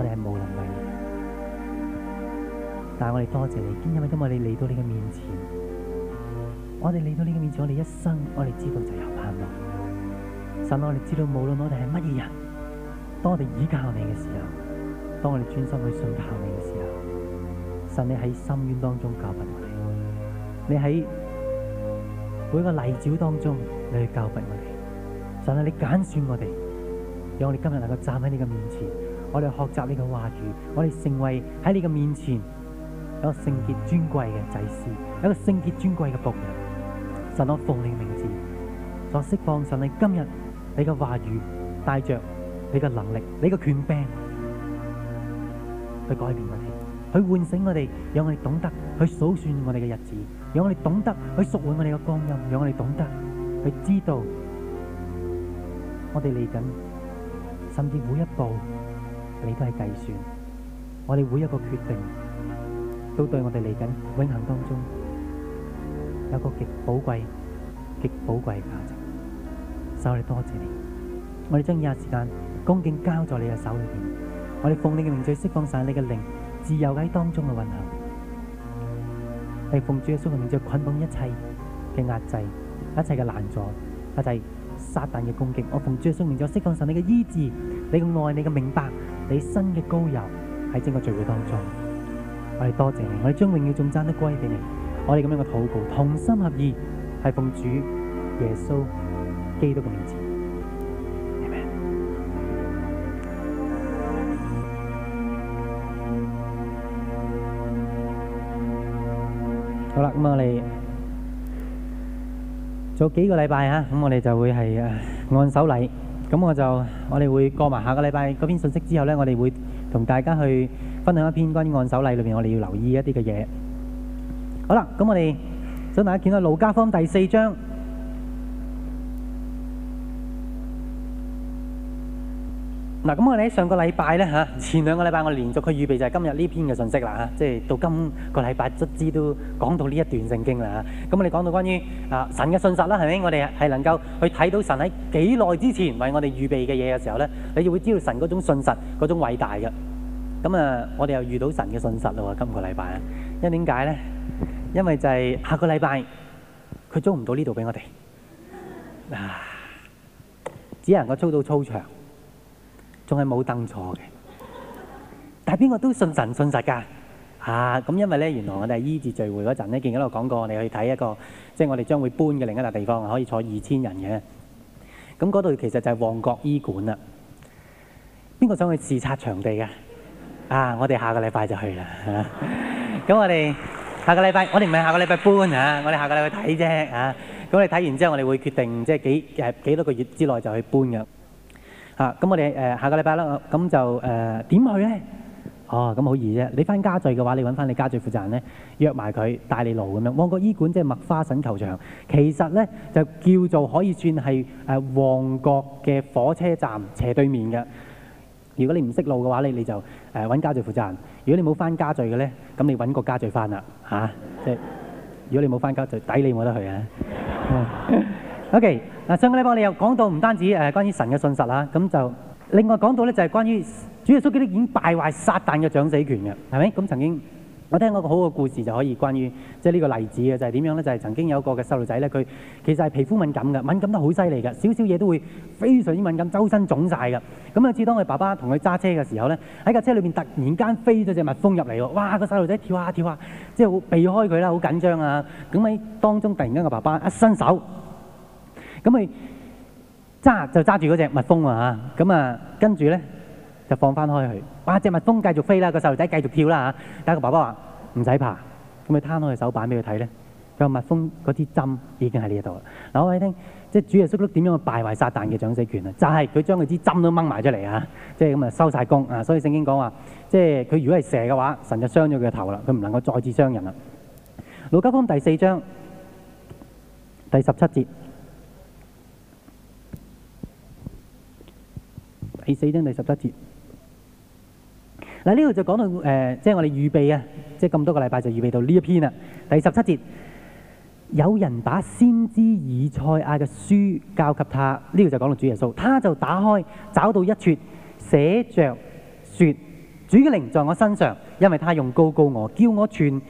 我哋係無能為力，但係我哋多謝，謝你，今日都我哋嚟到你嘅面前，我哋嚟到你嘅面前，我哋一生，我哋知道就有盼望。神，我哋知道無論我哋係乜嘢人，當我哋倚靠你嘅時候，當我哋專心去信靠你嘅時候，神，你喺深淵當中教拔我哋，你喺每個泥沼當中，你去教拔我哋。神啊，你揀選我哋，讓我哋今日能夠站喺你嘅面前。我哋學習你嘅話語，我哋成為喺你嘅面前一個聖潔尊貴嘅祭司，一個聖潔尊貴嘅僕人。神我奉你嘅名字所釋放，神你今日你嘅話語帶着你嘅能力，你嘅權柄去改變我哋，去喚醒我哋，讓我哋懂得去數算我哋嘅日子，讓我哋懂得去贖回我哋嘅光陰，讓我哋懂得去知道我哋嚟緊甚至每一步。你都係計算，我哋每一個決定，都對我哋嚟緊永恆當中有一個極寶貴、極寶貴嘅價值。受你多謝你，我哋將以下時間恭敬交在你嘅手裏邊。我哋奉你嘅名，再釋放晒你嘅靈，自由喺當中嘅運行。我哋奉主耶穌嘅名，再捆綁一切嘅壓制、一切嘅難阻、壓制撒旦嘅攻擊。我奉主耶穌嘅名，再釋放晒你嘅醫治、你嘅愛、你嘅明白。你新嘅高郵喺整個聚會當中，我哋多謝你，我哋將永遠仲爭得歸俾你。我哋咁樣嘅禱告，同心合意，係奉主耶穌基督嘅名字。阿門。好啦，咁我哋做幾個禮拜吓，咁我哋就會係按手禮。咁我就，我哋會過埋下個禮拜嗰篇信息之後呢，我哋會同大家去分享一篇關於按手禮裏面我哋要留意一啲嘅嘢。好啦，咁我哋想大家見到《路加福音》第四章。嗱，咁我哋喺上個禮拜咧嚇，前兩個禮拜我連續去預備就係今日呢篇嘅信息啦嚇，即係到今個禮拜卒之都講到呢一段聖經啦嚇。咁我哋講到關於啊神嘅信實啦，係咪？我哋係能夠去睇到神喺幾耐之前為我哋預備嘅嘢嘅時候咧，你就會知道神嗰種信實嗰種偉大嘅。咁啊，我哋又遇到神嘅信實啦喎，今個禮拜啊，因為點解咧？因為就係下個禮拜佢租唔到呢度俾我哋，嗱，只係能夠租到操場。仲係冇凳坐嘅，但係邊個都信神信實㗎嚇。咁，因為咧原來我哋醫治聚會嗰陣咧，見到我講過，我哋去睇一個即係我哋將會搬嘅另一笪地方，係可以坐二千人嘅。咁嗰度其實就係旺角醫館啦。邊個想去視察場地㗎？啊，我哋下個禮拜就去啦。咁我哋下個禮拜，我哋唔係下個禮拜搬嚇，我哋下個禮拜去睇啫嚇。咁你睇完之後，我哋會決定即係幾誒幾多個月之內就去搬嘅。啊，咁我哋誒下個禮拜啦，咁就誒點、呃、去咧？哦，咁好易啫。你返家聚嘅話，你揾返你家聚負責人咧，約埋佢帶你路咁樣。旺角醫館即係麥花臣球場，其實咧就叫做可以算係誒旺角嘅火車站斜對面嘅。如果你唔識路嘅話咧，你就誒揾、呃、家聚負責人。如果你冇返家聚嘅咧，咁你揾個家聚返啦嚇。即、啊、係 如果你冇返家聚，抵你冇得去啊！啊 OK 嗱，上個禮拜我哋又講到唔單止誒，關於神嘅信實啦。咁就另外講到咧，就係、是、關於主耶穌基督已經敗壞撒但嘅掌死權嘅，係咪？咁曾經我聽過個好嘅故事，就可以關於即係呢個例子嘅，就係、是、點樣咧？就係、是、曾經有一個嘅細路仔咧，佢其實係皮膚敏感嘅，敏感得好犀利嘅，少少嘢都會非常之敏感，周身腫晒嘅。咁有次當佢爸爸同佢揸車嘅時候咧，喺架車裏邊突然間飛咗隻蜜蜂入嚟喎，哇！個細路仔跳下、啊、跳下、啊，即係避開佢啦，好緊張啊。咁喺當中突然間，個爸爸一伸手。咁佢揸就住嗰隻蜜蜂啊，咁啊跟住咧就放翻開佢，哇！隻蜜蜂繼續飛啦，個細路仔繼續跳啦、啊、但係個爸爸話唔使怕，咁佢攤開手板俾佢睇咧，佢話蜜蜂嗰支針已經喺呢度啦。嗱，我哋聽即係主耶穌點樣敗壞撒旦嘅掌死權、就是、啊？就係佢將佢支針都掹埋出嚟啊！即係咁啊收曬工啊！所以聖經講話，即係佢如果係蛇嘅話，神就傷咗佢嘅頭啦，佢唔能夠再次傷人啦。路加福音第四章第十七節。第四章第十七節。嗱，呢度就講到誒，即係我哋預備啊，即係咁多個禮拜就預備到呢一篇啦。第十七節，有人把先知以賽亞嘅書交給他，呢度就講到主耶穌，他就打開，找到一卷，寫着說：「主嘅靈在我身上，因為他用膏膏我，叫我傳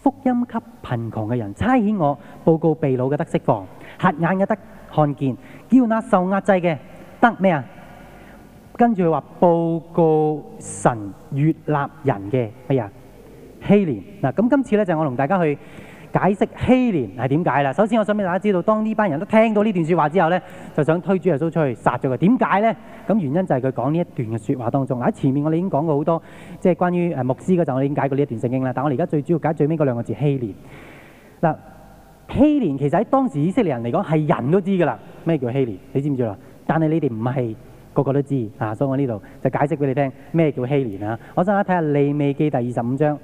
福音給貧窮嘅人，差遣我報告被擄嘅得釋放，瞎眼嘅得看見，叫那受壓制嘅得咩啊？跟住佢話報告神悅納人嘅哎呀，禧年嗱，咁今次咧就是，我同大家去解釋禧年係點解啦。首先我想俾大家知道，當呢班人都聽到呢段説話之後咧，就想推主耶穌出去殺咗佢。點解咧？咁原因就係佢講呢一段嘅説話當中。喺前面我哋已經講過好多，即係關於誒牧師嗰陣我哋已經解過呢一段聖經啦。但係我哋而家最主要解最尾嗰兩個字禧年嗱，禧年其實喺當時以色列人嚟講係人都知噶啦，咩叫禧年？你知唔知啊？但係你哋唔係。個個都知，嗱，所以我呢度就解釋畀你聽咩叫禧年啊！我想睇下利未記第二十五章，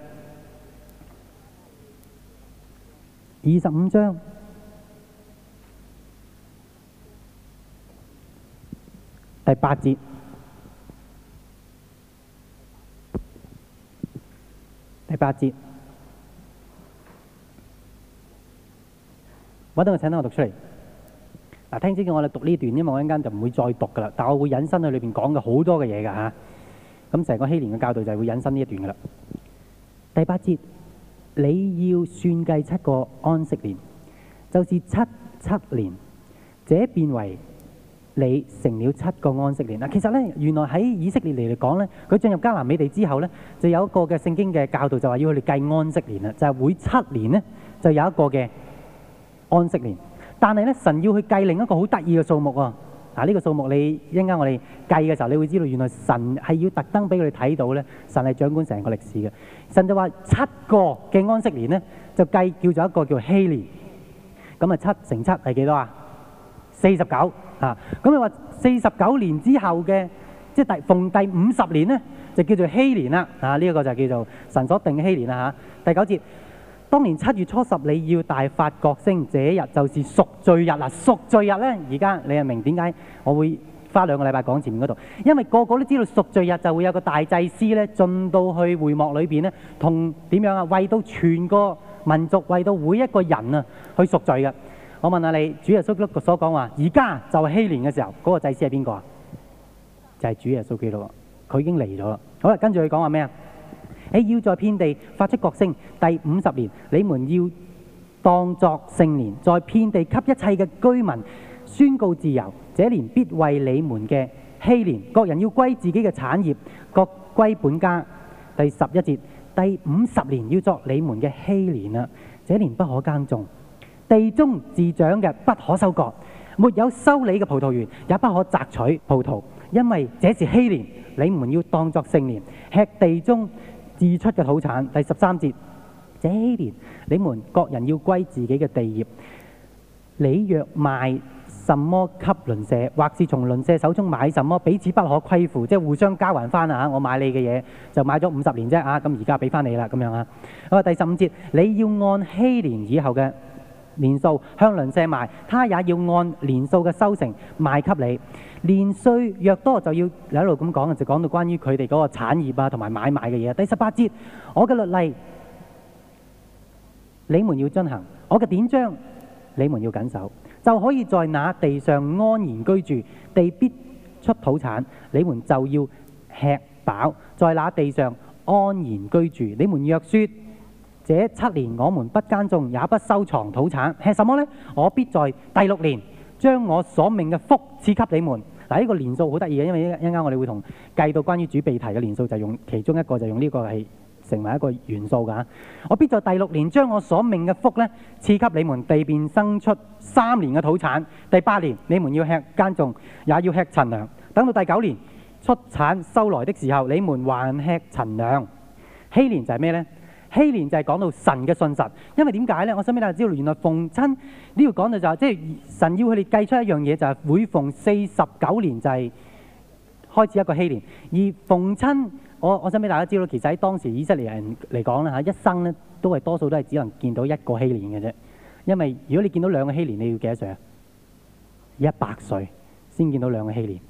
二十五章第八節，第八節，我哋請兩位讀出嚟。嗱，聽叫我哋讀呢段，因為我一間就唔會再讀噶啦。但係我會引申喺裏邊講嘅好多嘅嘢㗎嚇。咁、啊、成個禧年嘅教導就係會引申呢一段㗎啦。第八節，你要算計七個安息年，就是七七年，這變為你成了七個安息年。嗱，其實咧，原來喺以色列嚟嚟講咧，佢進入迦南美地之後咧，就有一個嘅聖經嘅教導，就話要佢哋計安息年啦，就係、是、每七年咧就有一個嘅安息年。但係咧，神要去計另一個好得意嘅數目啊！嗱、啊，呢、這個數目你一陣間我哋計嘅時候，你會知道原來神係要特登俾佢哋睇到咧。神係掌管成個歷史嘅。神就話七個嘅安息年咧，就計叫做一個叫禧年。咁啊，七乘七係幾多啊？四十九啊！咁你話四十九年之後嘅，即係第逢第五十年咧，就叫做禧年啦。啊，呢、這、一個就叫做神所定嘅禧年啦吓、啊。第九節。當年七月初十你要大發角聲，這一日就是贖罪日啊！贖罪日呢，而家你又明點解我會花兩個禮拜講前面嗰度？因為個個都知道贖罪日就會有一個大祭司咧進到去會幕裏邊咧，同點樣啊？為到全個民族，為到每一個人啊，去贖罪噶。我問下你，主耶穌基督所講話，而家就係禧年嘅時候，嗰、那個祭司係邊個啊？就係、是、主耶穌基督，佢已經嚟咗啦。好啦，跟住佢講話咩啊？你要在遍地發出角聲，第五十年你們要當作聖年，在遍地給一切嘅居民宣告自由。這年必為你們嘅禧年，各人要歸自己嘅產業，各歸本家。第十一節，第五十年要作你們嘅禧年啊，這年不可耕種，地中自長嘅不可收割，沒有修理嘅葡萄園也不可摘取葡萄，因為這是禧年，你們要當作聖年，吃地中自出嘅土產。第十三節：這禧年，你們各人要歸自己嘅地業。你若賣什麼給鄰舍，或是從鄰舍手中買什麼，彼此不可虧負，即係互相交還翻啊！我買你嘅嘢，就買咗五十年啫啊！咁而家俾翻你啦，咁樣啊。好啊，第十五節，你要按禧年以後嘅。年數向鄰舍賣，他也要按年數嘅收成賣給你。年歲若多，就要喺度咁講嘅，就講到關於佢哋嗰個產業啊同埋買賣嘅嘢。第十八節，我嘅律例你們要遵行，我嘅典章你們要緊守，就可以在那地上安然居住。地必出土產，你們就要吃飽，在那地上安然居住。你們若説這七年我們不耕種也不收藏土產，吃什麼呢？我必在第六年將我所命嘅福賜給你們。嗱，呢個年數好得意嘅，因為一陣間我哋會同計到關於主被提嘅年數，就用其中一個，就用呢個係成為一個元素㗎。我必在第六年將我所命嘅福呢賜給你們，地便生出三年嘅土產。第八年你們要吃耕種，也要吃陳糧。等到第九年出產收來的時候，你們還吃陳糧。禧年就係咩呢？禧年就係講到神嘅信實，因為點解呢？我想俾大家知道，原來逢親呢度講到就係即係神要佢哋計出一樣嘢，就係、是、每逢四十九年就係開始一個禧年。而逢親，我我想俾大家知道，其實喺當時以色列人嚟講咧嚇，一生咧都係多數都係只能見到一個禧年嘅啫。因為如果你，看到你見到兩個禧年，你要幾多歲啊？一百歲先見到兩個禧年。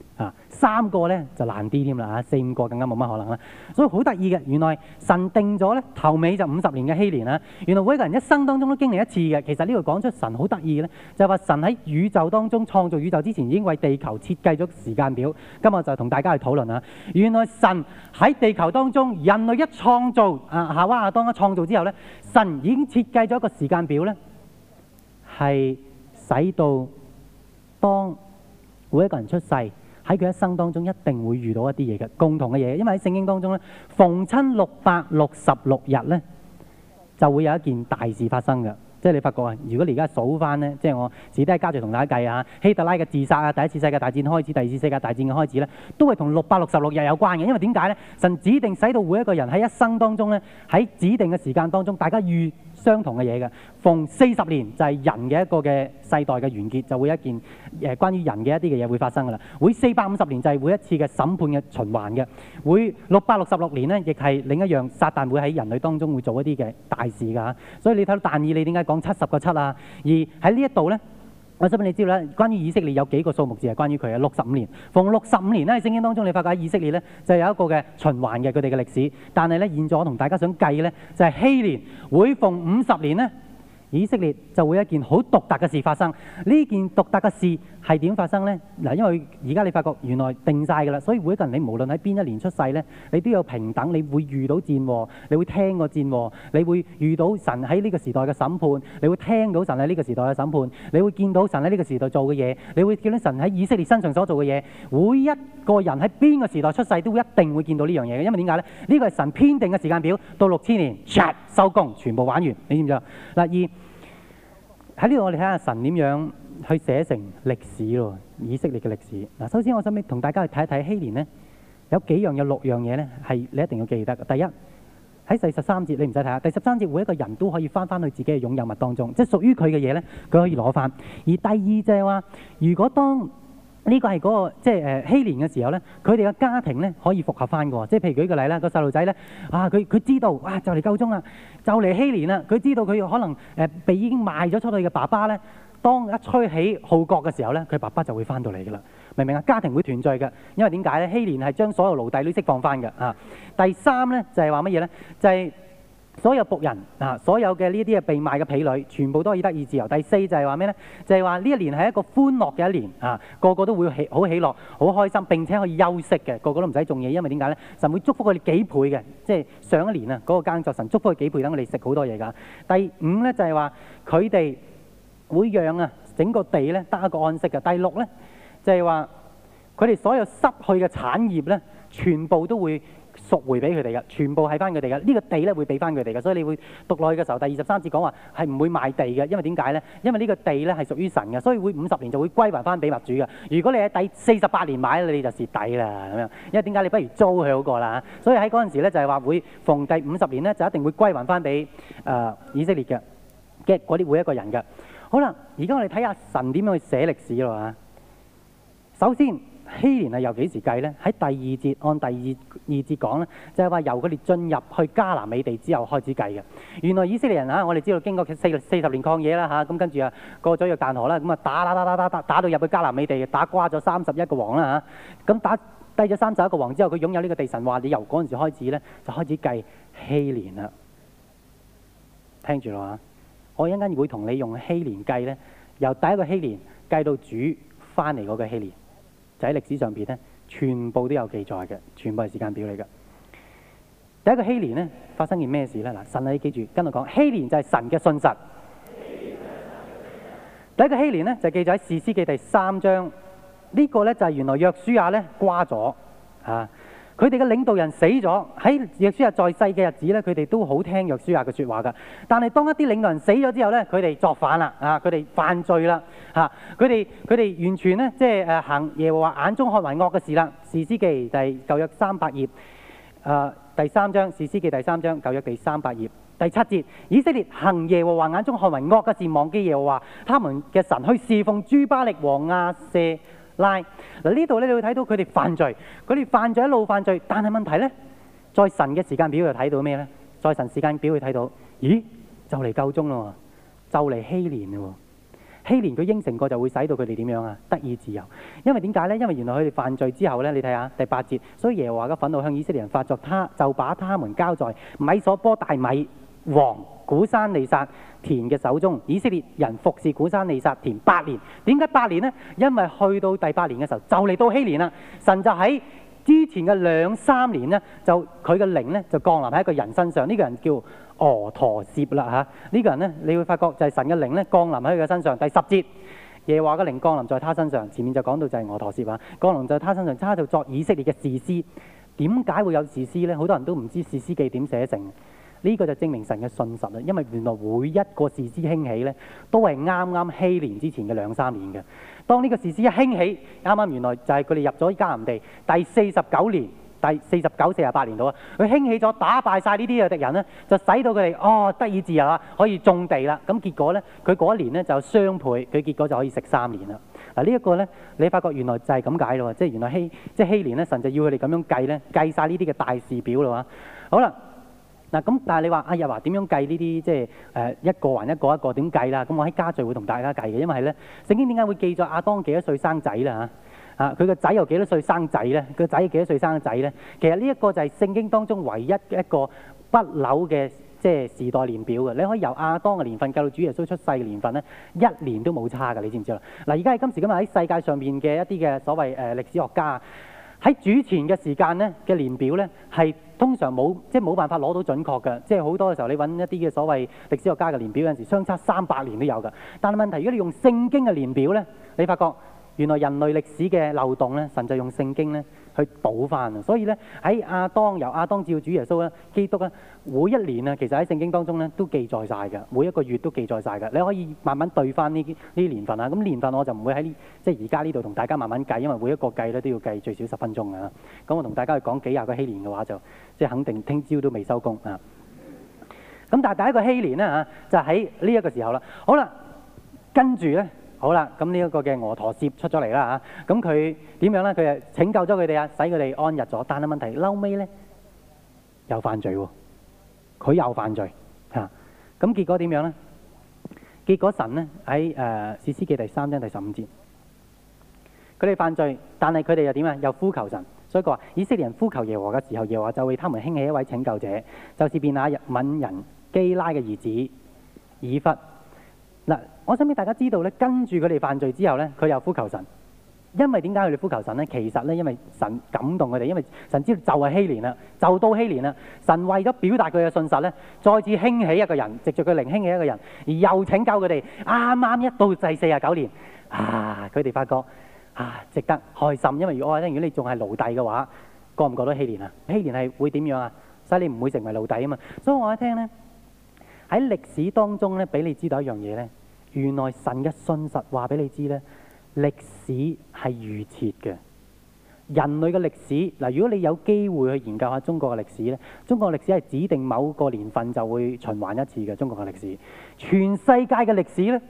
三個咧就難啲添啦嚇，四五個更加冇乜可能啦。所以好得意嘅，原來神定咗咧頭尾就五十年嘅禧年啦。原來每一個人一生當中都經歷一次嘅。其實呢個講出神好得意嘅咧，就係話神喺宇宙當中創造宇宙之前已經為地球設計咗時間表。今日就同大家去討論啦。原來神喺地球當中，人類一創造啊夏娃亞當一創造之後咧，神已經設計咗一個時間表咧，係使到當每一個人出世，喺佢一生當中，一定會遇到一啲嘢嘅共同嘅嘢，因為喺聖經當中咧，逢親六百六十六日咧，就會有一件大事發生嘅。即係你發覺啊，如果你而家數翻咧，即係我自己都係加住同大家計啊，希特拉嘅自殺啊，第一次世界大戰開始，第二次世界大戰嘅開始咧，都係同六百六十六日有關嘅。因為點解咧？神指定使到每一個人喺一生當中咧，喺指定嘅時間當中，大家預。相同嘅嘢嘅，逢四十年就係人嘅一個嘅世代嘅完結，就會一件誒關於人嘅一啲嘅嘢，會發生嘅啦。會四百五十年就係每一次嘅審判嘅循環嘅，會六百六十六年咧，亦係另一樣，撒旦會喺人類當中會做一啲嘅大事嘅嚇。所以你睇到但以理點解講七十個七啊？而喺呢一度咧。我希望你知啦，關於以色列有幾個數目字係關於佢嘅六十五年。逢六十五年咧，喺聖經當中你發覺以色列呢就有一個嘅循環嘅佢哋嘅歷史。但係呢，現在我同大家想計咧，就係禧年會逢五十年咧，以色列就會一件好獨特嘅事發生。呢件獨特嘅事，係點發生呢？嗱，因為而家你發覺原來定晒㗎喇，所以每一個人你無論喺邊一年出世咧，你都要平等。你會遇到戰禍，你會聽過戰禍，你會遇到神喺呢個時代嘅審判，你會聽到神喺呢個時代嘅審判，你會見到神喺呢個時代做嘅嘢，你會見到神喺以色列身上所做嘅嘢。每一個人喺邊個時代出世都一定會見到呢樣嘢嘅，因為點解咧？呢個係神編定嘅時間表，到六千年，唰，收工，全部玩完。你知唔知啊？嗱，二喺呢度我哋睇下神點樣。去寫成歷史喎，以色列嘅歷史嗱。首先，我想畀同大家去睇一睇禧年咧，有幾樣有六樣嘢咧，係你一定要記得嘅。第一喺第十三節，你唔使睇下，第十三節，每一個人都可以翻翻去自己嘅擁有物當中，即係屬於佢嘅嘢咧，佢可以攞翻。而第二就係話，如果當呢個係嗰、嗰個即係誒禧年嘅時候咧，佢哋嘅家庭咧可以復合翻嘅，即係譬如舉個例啦，個細路仔咧啊，佢佢知道啊，就嚟夠鐘啦，就嚟禧年啦，佢知道佢可能誒被已經賣咗出去嘅爸爸咧。當一吹起號角嘅時候咧，佢爸爸就會翻到嚟嘅啦。明唔明啊？家庭會團聚嘅，因為點解咧？禧年係將所有奴隸都釋放翻嘅啊。第三咧就係話乜嘢咧？就係、是就是、所有僕人啊，所有嘅呢啲啊被賣嘅婢女，全部都可以得以自由。第四就係話咩咧？就係話呢一年係一個歡樂嘅一年啊，個個都會起好喜樂，好開心，並且可以休息嘅。個個都唔使做嘢，因為點解咧？神會祝福佢哋幾倍嘅，即、就、係、是、上一年啊嗰、那個耕作，神祝福佢幾倍，等我哋食好多嘢噶。第五咧就係話佢哋。會讓啊整個地咧得一個安息嘅。第六咧就係話佢哋所有失去嘅產業咧全部都會贖回俾佢哋嘅，全部係翻佢哋嘅呢個地咧會俾翻佢哋嘅，所以你會讀落去嘅時候，第二十三節講話係唔會賣地嘅，因為點解咧？因為呢個地咧係屬於神嘅，所以會五十年就會歸還翻俾物主嘅。如果你喺第四十八年買，你哋就蝕底啦咁樣，因為點解你不如租佢好過啦？所以喺嗰陣時咧就係、是、話會逢第五十年咧就一定會歸還翻俾誒以色列嘅嘅嗰啲每一個人嘅。好啦，而家我哋睇下神點樣去寫歷史咯嚇。首先，禧年係由幾時計咧？喺第二節，按第二二節講咧，就係、是、話由佢哋進入去迦南美地之後開始計嘅。原來以色列人啊，我哋知道經過四四十年曠野啦嚇，咁、啊、跟住啊過咗約旦河啦，咁啊打打打打打打，打到入去迦南美地，打瓜咗三十一個王啦嚇。咁、啊、打低咗三十一個王之後，佢擁有呢個地神話，你由嗰陣時開始咧就開始計禧年啦。聽住啦。我一陣間會同你用禧年計咧，由第一個禧年計到主翻嚟嗰個禧年，就喺歷史上邊咧，全部都有記載嘅，全部係時間表嚟嘅。第一個禧年咧發生件咩事咧？嗱，神你記住，跟住講禧年就係神嘅信實。第一個禧年咧就記載在喺士師記第三章，這個、呢個咧就係、是、原來約書亞咧瓜咗啊。佢哋嘅領導人死咗，喺約書亞在世嘅日子咧，佢哋都好聽約書亞嘅説話嘅。但係當一啲領導人死咗之後咧，佢哋作反啦，啊，佢哋犯罪啦，嚇，佢哋佢哋完全咧，即係誒行耶和華眼中看為惡嘅事啦。士師記第舊約三百頁，誒第三章士師記第三章舊約第三百頁第七節，以色列行耶和華眼中看為惡嘅事，忘記耶和華，他們嘅神去侍奉諸巴力王亞舍。嗱呢度咧，你會睇到佢哋犯罪，佢哋犯罪一路犯罪，但係問題呢，在神嘅時間表又睇到咩呢？在神時間表會睇到咦，就嚟夠鐘咯，就嚟禧年咯，禧年，佢應承過就會使到佢哋點樣啊？得以自由，因為點解呢？因為原來佢哋犯罪之後呢，你睇下第八節，所以耶和華嘅憤怒向以色列人發作他，他就把他們交在米所波大米王古珊利薩田嘅手中，以色列人服侍古珊利薩田八年。點解八年呢？因為去到第八年嘅時候，就嚟到禧年啦。神就喺之前嘅兩三年呢，就佢嘅靈呢就降臨喺一個人身上。呢、這個人叫俄陀聶啦吓。呢、這個人呢，你會發覺就係神嘅靈呢降臨喺佢嘅身上。第十節，耶華嘅靈降臨在他身上。前面就講到就係俄陀聶啊，降臨在他身上，他就是、作以色列嘅士師。點解會有士師呢？好多人都唔知道士師記點寫成。呢個就係證明神嘅信實啦，因為原來每一個事蹟興起呢，都係啱啱希年之前嘅兩三年嘅。當呢個事蹟一興起，啱啱原來就係佢哋入咗迦南地第四十九年、第四十九、四十八年度啊。佢興起咗，打敗晒呢啲嘅敵人呢，就使到佢哋哦得以自由啦，可以種地啦。咁結果呢，佢嗰一年呢就雙倍，佢結果就可以食三年啦。嗱呢一個呢，你發覺原來就係咁解咯喎，即係原來希，即係希年呢，神就要佢哋咁樣計呢，計晒呢啲嘅大事表啦。好啦。嗱咁，但係你話阿日華點樣計呢啲即係誒一個還一個一個點計啦？咁我喺家聚會同大家計嘅，因為係咧聖經點解會記載阿當幾多歲生仔啦？嚇啊，佢個仔又幾多歲生仔咧？佢個仔幾多歲生仔咧？其實呢一個就係聖經當中唯一嘅一個不朽嘅即係時代年表嘅。你可以由亞當嘅年份計到主耶穌出世嘅年份咧，一年都冇差㗎，你知唔知啊？嗱，而家係今時今日喺世界上面嘅一啲嘅所謂誒歷史學家。喺主前嘅時間呢的嘅年表咧，係通常冇即冇辦法攞到準確嘅，即好多嘅時候你揾一啲嘅所謂歷史學家嘅年表的，有時時相差三百年都有噶。但係問題是，如果你用聖經嘅年表呢，你發覺原來人類歷史嘅漏洞呢，神就用聖經呢。去補翻啊！所以咧喺亞當由亞當照主耶穌咧，基督咧每一年啊，其實喺聖經當中咧都記載晒㗎，每一個月都記載晒㗎。你可以慢慢對翻呢啲呢啲年份啊。咁年份我就唔會喺呢，即係而家呢度同大家慢慢計，因為每一個計咧都要計最少十分鐘㗎啦。咁我同大家去講幾廿個禧年嘅話，就即係肯定聽朝都未收工啊。咁但係第一個禧年咧吓，就喺呢一個時候啦。好啦，跟住咧。好啦，咁呢一個嘅俄陀聶出咗嚟啦嚇，咁佢點樣咧？佢誒拯救咗佢哋啊，使佢哋安逸咗，但係問題，嬲尾咧又犯罪喎，佢又犯罪嚇，咁、啊、結果點樣咧？結果神咧喺誒士師記第三章第十五節，佢哋犯罪，但係佢哋又點啊？又呼求神，所以佢話以色列人呼求耶和華嘅時候，耶和華就為他們興起一位拯救者，就是便雅憫人基拉嘅兒子以笏。我想俾大家知道咧，跟住佢哋犯罪之後咧，佢又呼求神。因為點解佢哋呼求神咧？其實咧，因為神感動佢哋，因為神知道就係禧年啦，就到禧年啦。神為咗表達佢嘅信實咧，再次興起一個人，藉着佢靈興起一個人，而又拯救佢哋。啱、啊、啱一到第四十九年，啊，佢哋發覺啊，值得開心，因為我一聽，如果你仲係奴隸嘅話，過唔過到禧年啊？禧年係會點樣啊？使你唔會成為奴隸啊嘛。所以我一聽咧，喺歷史當中咧，俾你知道一樣嘢咧。原來神嘅信實話俾你知咧，歷史係預設嘅。人類嘅歷史嗱，如果你有機會去研究下中國嘅歷史咧，中國嘅歷史係指定某個年份就會循環一次嘅。中國嘅歷史，全世界嘅歷史咧，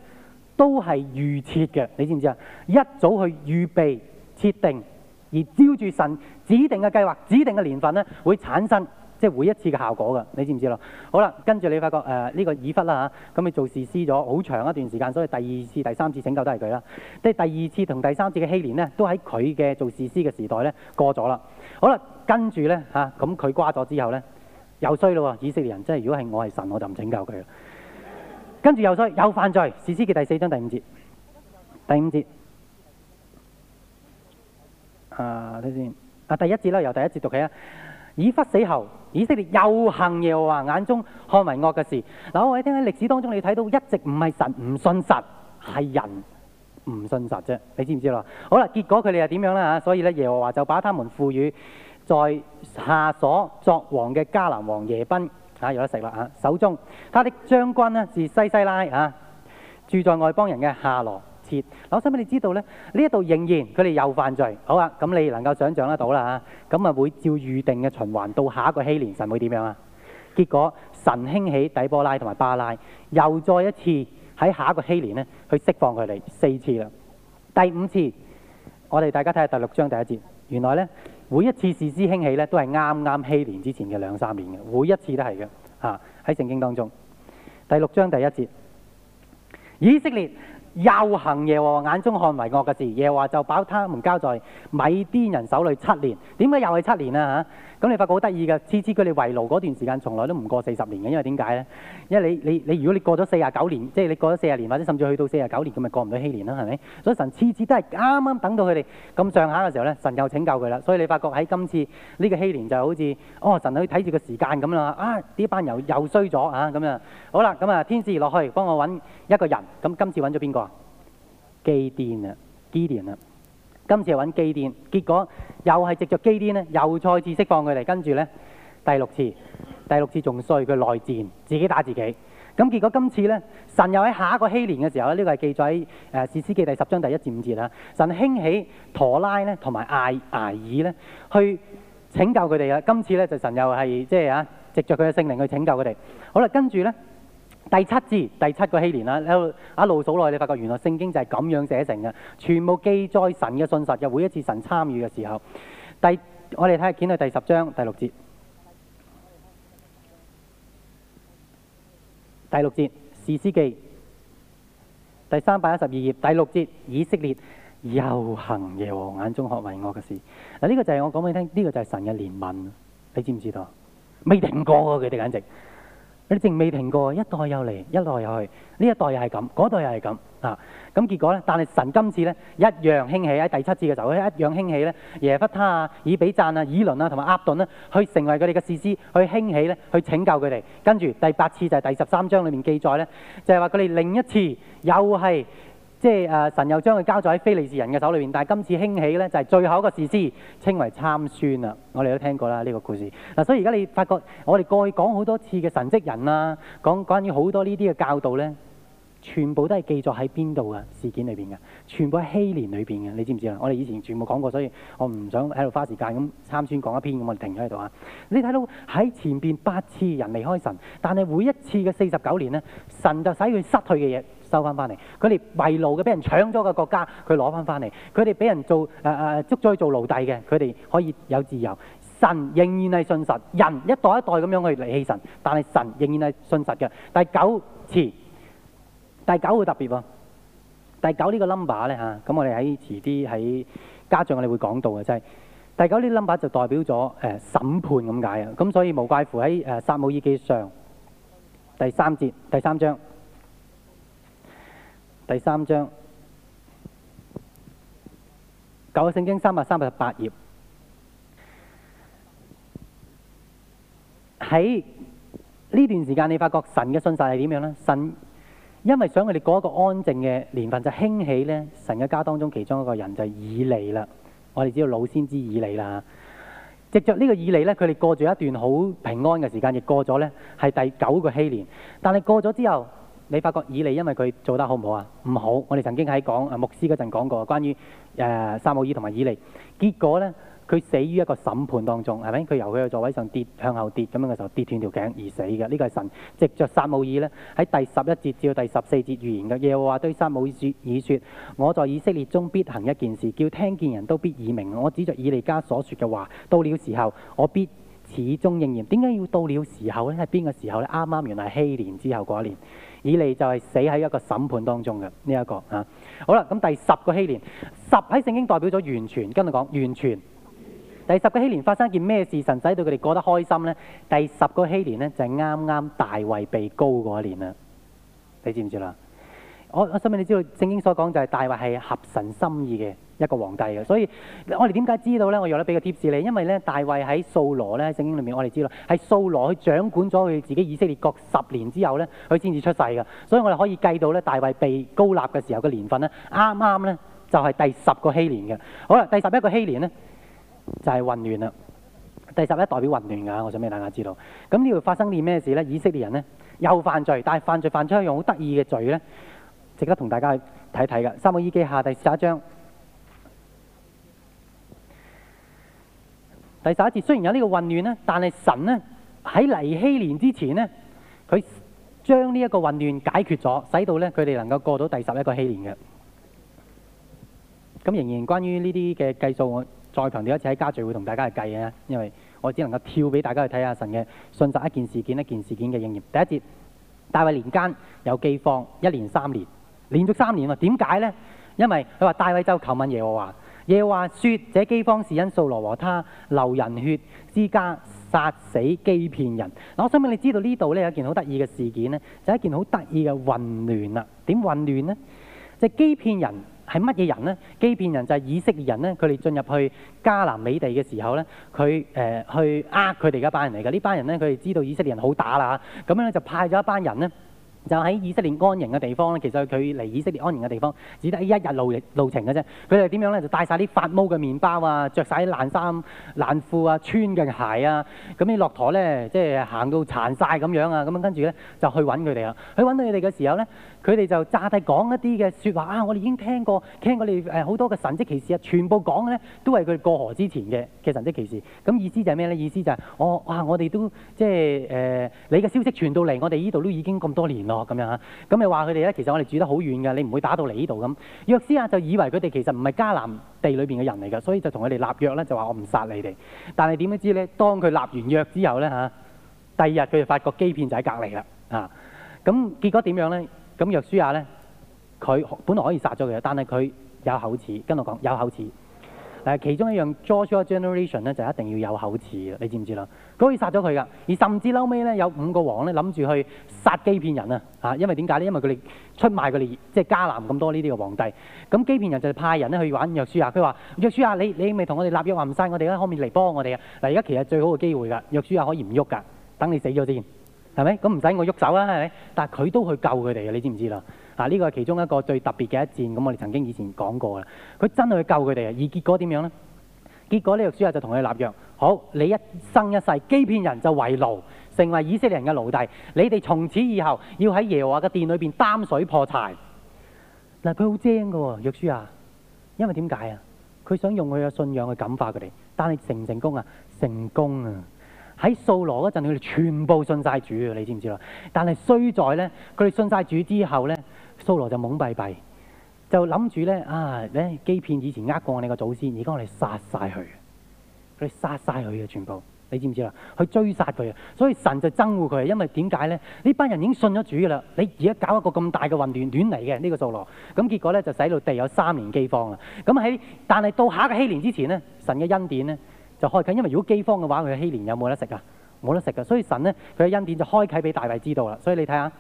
都係預設嘅。你知唔知啊？一早去預備設定，而照住神指定嘅計劃、指定嘅年份咧，會產生。即係每一次嘅效果噶，你知唔知咯？好啦，跟住你發覺誒呢、呃這個以笏啦吓，咁、啊、你做士師咗好長一段時間，所以第二次、第三次拯救都係佢啦。即係第二次同第三次嘅禧年咧，都喺佢嘅做士師嘅時代咧過咗啦。好啦，跟住咧吓，咁佢瓜咗之後咧又衰啦喎，以色列人真係，即係如果係我係神，我就唔拯救佢啦。跟住 又衰，有犯罪，士師嘅第四章第五節， 第五節 啊睇先啊第一節啦，由第一節讀起啊。以笏死後，以色列又行耶和華眼中看為惡嘅事。嗱，我哋聽聽喺歷史當中，你睇到一直唔係神唔信實，係人唔信實啫。你知唔知啦？好啦，結果佢哋係點樣啦？所以咧，耶和華就把他們付與在夏瑣作王嘅迦南王耶賓，有得食啦。手中他的將軍咧，是西西拉，住在外邦人嘅夏羅。嗱，我想俾你知道咧，呢一度仍然佢哋又犯罪。好啊，咁你能夠想象得到啦嚇，咁啊會照預定嘅循環到下一個禧年神會點樣啊？結果神興起底波拉同埋巴拉，又再一次喺下一個禧年咧去釋放佢哋四次啦。第五次，我哋大家睇下第六章第一節，原來咧每一次士師興起咧都係啱啱禧年之前嘅兩三年嘅，每一次都係嘅啊，喺聖經當中第六章第一節，以色列。又行耶和華眼中看為惡嘅事，耶和華就把他們交在米甸人手裏七年。點解又係七年啊？嚇！咁你發覺好得意嘅，次次佢哋為奴嗰段時間從來都唔過四十年嘅，因為點解咧？因為你你，你如果你過咗四十九年，即係你過咗四十年，或者甚至去到四十九年，咁咪過唔到禧年啦，係咪？所以神次次都係啱啱等到佢哋咁上下嘅時候咧，神又拯救佢啦。所以你發覺喺今次呢個禧年就好似哦，神去睇住個時間咁啦啊！呢班人又衰咗啊！咁啊，好啦，咁啊，天使落去幫我揾一個人，咁今次揾咗邊個？基甸啊，基甸啊，今次又揾基甸，結果又係藉着基甸咧，又再次釋放佢哋，跟住咧第六次，第六次仲衰，佢內戰，自己打自己。咁結果今次咧，神又喺下一個禧年嘅時候咧，呢、這個係記載喺誒士師記第十章第一至五節啦。神興起陀拉咧，同埋艾艾爾咧，去拯救佢哋啊。今次咧就神又係即係啊，藉着佢嘅聖靈去拯救佢哋。好啦，跟住咧。第七節、第七個希年啦，一路一路數落去，你發覺原來聖經就係咁樣寫成嘅，全部記載神嘅信實嘅，每一次神參與嘅時候，第我哋睇下見到第十章第六節，第六節士師記第三百一十二頁第六節，以色列又行耶和華眼中看為惡嘅事。嗱、這、呢個就係、是、我講俾你聽，呢、這個就係神嘅憐憫，你知唔知道？未停過㗎，佢哋簡直。你淨未停過，一代又嚟，一代又去。呢一代又係咁，嗰代又係咁啊！咁結果咧，但係神今次咧一樣興起喺第七次嘅時候，一樣興起咧，耶弗他啊、以比讚啊、以倫啊同埋押頓咧，去成為佢哋嘅士師，去興起咧，去拯救佢哋。跟住第八次就係第十三章裏面記載咧，就係話佢哋另一次又係。即係誒、啊，神又將佢交咗喺非利士人嘅手裏邊，但係今次興起咧，就係、是、最後一個士師，稱為參孫啦。我哋都聽過啦呢、這個故事，嗱、啊，所以而家你發覺，我哋過去講好多次嘅神蹟人啊，講關於好多呢啲嘅教導咧。全部都係記載喺邊度嘅事件裏邊嘅，全部喺禧年裏邊嘅，你知唔知啊？我哋以前全部講過，所以我唔想喺度花時間咁參選講一篇咁，我哋停咗喺度啊！你睇到喺前邊八次人離開神，但係每一次嘅四十九年呢，神就使佢失去嘅嘢收翻翻嚟，佢哋為奴嘅俾人搶咗嘅國家，佢攞翻翻嚟，佢哋俾人做誒誒、呃、捉咗去做奴隸嘅，佢哋可以有自由。神仍然係信實，人一代一代咁樣去離棄神，但係神仍然係信實嘅。第九次。第九好特別喎，第九這個呢個 number 咧嚇，咁、啊、我哋喺遲啲喺家長我哋會講到嘅。即、就、係、是、第九呢 number 就代表咗誒、呃、審判咁解啊。咁所以無怪乎喺誒、呃、撒母耳記上第三節第三章第三章，舊聖經三百三十八頁，喺呢段時間你發覺神嘅信實係點樣咧？神。因為想佢哋過一個安靜嘅年份，就興起咧神嘅家當中其中一個人就是以利啦。我哋知道老先知以利啦，藉著呢個以利咧，佢哋過住一段好平安嘅時間，亦過咗咧係第九個禧年。但係過咗之後，你發覺以利因為佢做得好唔好啊？唔好。我哋曾經喺講誒牧師嗰陣講過關於誒撒母耳同埋以利，結果咧。佢死於一個審判當中，係咪？佢由佢嘅座位上跌向後跌咁樣嘅時候，跌斷條頸而死嘅。呢、這個係神藉着撒母耳呢，喺第十一節至到第十四節預言嘅嘢，話對撒母耳説，我在以色列中必行一件事，叫聽見人都必耳鳴。我指著以利家所説嘅話，到了時候，我必始終應驗。點解要到了時候呢？係邊個時候呢？啱啱原來係禧年之後嗰年，以利就係死喺一個審判當中嘅呢一個嚇、啊。好啦，咁第十個禧年十喺聖經代表咗完全，跟佢講完全。第十個禧年發生一件咩事？神使到佢哋過得開心呢？第十個禧年呢，就係啱啱大衛被高嗰一年啦。你知唔知啦？我我收尾你知道聖經所講，就係大衛係合神心意嘅一個皇帝嘅，所以我哋點解知道呢？我用咧俾個貼士你，因為呢，大衛喺掃羅呢，聖經裏面，我哋知道喺掃羅去掌管咗佢自己以色列國十年之後呢，佢先至出世嘅，所以我哋可以計到呢，大衛被高立嘅時候嘅年份呢，啱啱呢，就係、是、第十個禧年嘅。好啦，第十一個禧年呢，就係混亂啦，第十一代表混亂噶，我想俾大家知道。咁呢度發生啲咩事咧？以色列人咧又犯罪，但係犯罪犯咗一樣好得意嘅罪咧，值得同大家去睇睇噶。撒母耳記下第十一章，第十一節，雖然有呢個混亂咧，但係神咧喺嚟禧年之前咧，佢將呢一個混亂解決咗，使到咧佢哋能夠過到第十一個禧年嘅。咁仍然關於呢啲嘅計數我再強調一次喺家聚會同大家去計嘅。因為我只能夠跳俾大家去睇下神嘅信實，一件事件一件事件嘅應驗。第一節，大衛年間有饑荒，一連三年，連續三年喎。點解呢？因為佢話大衛就求問耶和華，耶和華說：說這饑荒是因掃羅和他流人血之家殺死基遍人。嗱，我想問你知道呢度呢有一件好得意嘅事件呢就係、是、一件好得意嘅混亂啊？點混亂呢？即係基遍人。係乜嘢人咧？欺騙人就係以色列人咧。佢哋進入去加南美地嘅時候咧，佢誒、呃、去呃佢哋嘅一班人嚟嘅。這呢班人咧，佢哋知道以色列人好打啦嚇。咁樣咧就派咗一班人咧，就喺以色列安營嘅地方咧。其實佢嚟以色列安營嘅地方，只得一日路路程嘅啫。佢哋點樣咧？就帶晒啲發毛嘅麵包啊，着晒啲爛衫爛褲啊，穿嘅鞋啊。咁啲駱駝咧，即係行到殘晒咁樣啊。咁樣跟住咧就去揾佢哋啊。去揾到佢哋嘅時候咧。佢哋就詐諦講一啲嘅説話啊！我哋已經聽過，聽過你誒好多嘅神蹟奇事啊！全部講嘅咧，都係佢過河之前嘅嘅神蹟奇事。咁意思就係咩咧？意思就係我哇！我哋都即係誒、呃，你嘅消息傳到嚟我哋呢度都已經咁多年咯，咁樣嚇。咁咪話佢哋咧？其實我哋住得好遠嘅，你唔會打到嚟呢度咁。約書亞就以為佢哋其實唔係迦南地裏邊嘅人嚟嘅，所以就同佢哋立約咧，就話我唔殺你哋。但係點樣知咧，當佢立完約之後咧嚇，第二日佢就發覺基遍就喺隔離啦啊！咁結果點樣咧？咁約書亞咧，佢本來可以殺咗佢，但係佢有口齒，跟我講有口齒。嗱，其中一樣 Joshua Ge Generation 咧，就一定要有口齒嘅，你知唔知啦？佢可以殺咗佢噶。而甚至後尾咧，有五個王咧諗住去殺基遍人啊！嚇，因為點解咧？因為佢哋出賣佢哋，即係迦南咁多呢啲嘅皇帝。咁基遍人就係派人咧去玩約書亞，佢話：約書亞，你你未同我哋立約，話唔曬我哋咧，可唔可以嚟幫我哋啊？嗱，而家其實最好嘅機會噶，約書亞可以唔喐噶，等你死咗先。係咪？咁唔使我喐手啦，係咪？但係佢都去救佢哋嘅，你知唔知啦？嗱，呢個係其中一個最特別嘅一戰。咁我哋曾經以前講過啦。佢真係去救佢哋啊！而結果點樣呢？結果呢？約書亞就同佢立約：好，你一生一世欺騙人就為奴，成為以色列人嘅奴隸。你哋從此以後要喺耶和華嘅殿裏面擔水破柴。嗱、啊，佢好精㗎喎，約書亞，因為點解啊？佢想用佢嘅信仰去感化佢哋，但係成唔成功啊？成功啊！喺掃羅嗰陣，佢哋全部信晒主嘅，你知唔知啦？但係衰在咧，佢哋信晒主之後咧，掃羅就懵閉閉，就諗住咧啊咧欺騙以前呃過我哋個祖先，而家我哋殺晒佢，佢哋殺晒佢嘅全部，你知唔知啦？去追殺佢啊！所以神就憎惡佢，因為點解咧？呢班人已經信咗主噶啦，你而家搞一個咁大嘅混亂亂嚟嘅呢個掃羅，咁結果咧就使到地有三年饑荒啊！咁喺但係到下一個禧年之前咧，神嘅恩典咧。就開啟，因為如果饑荒嘅話，佢嘅禧年有冇得食啊？冇得食噶，所以神咧佢嘅恩典就開啟俾大衛知道啦。所以你睇下。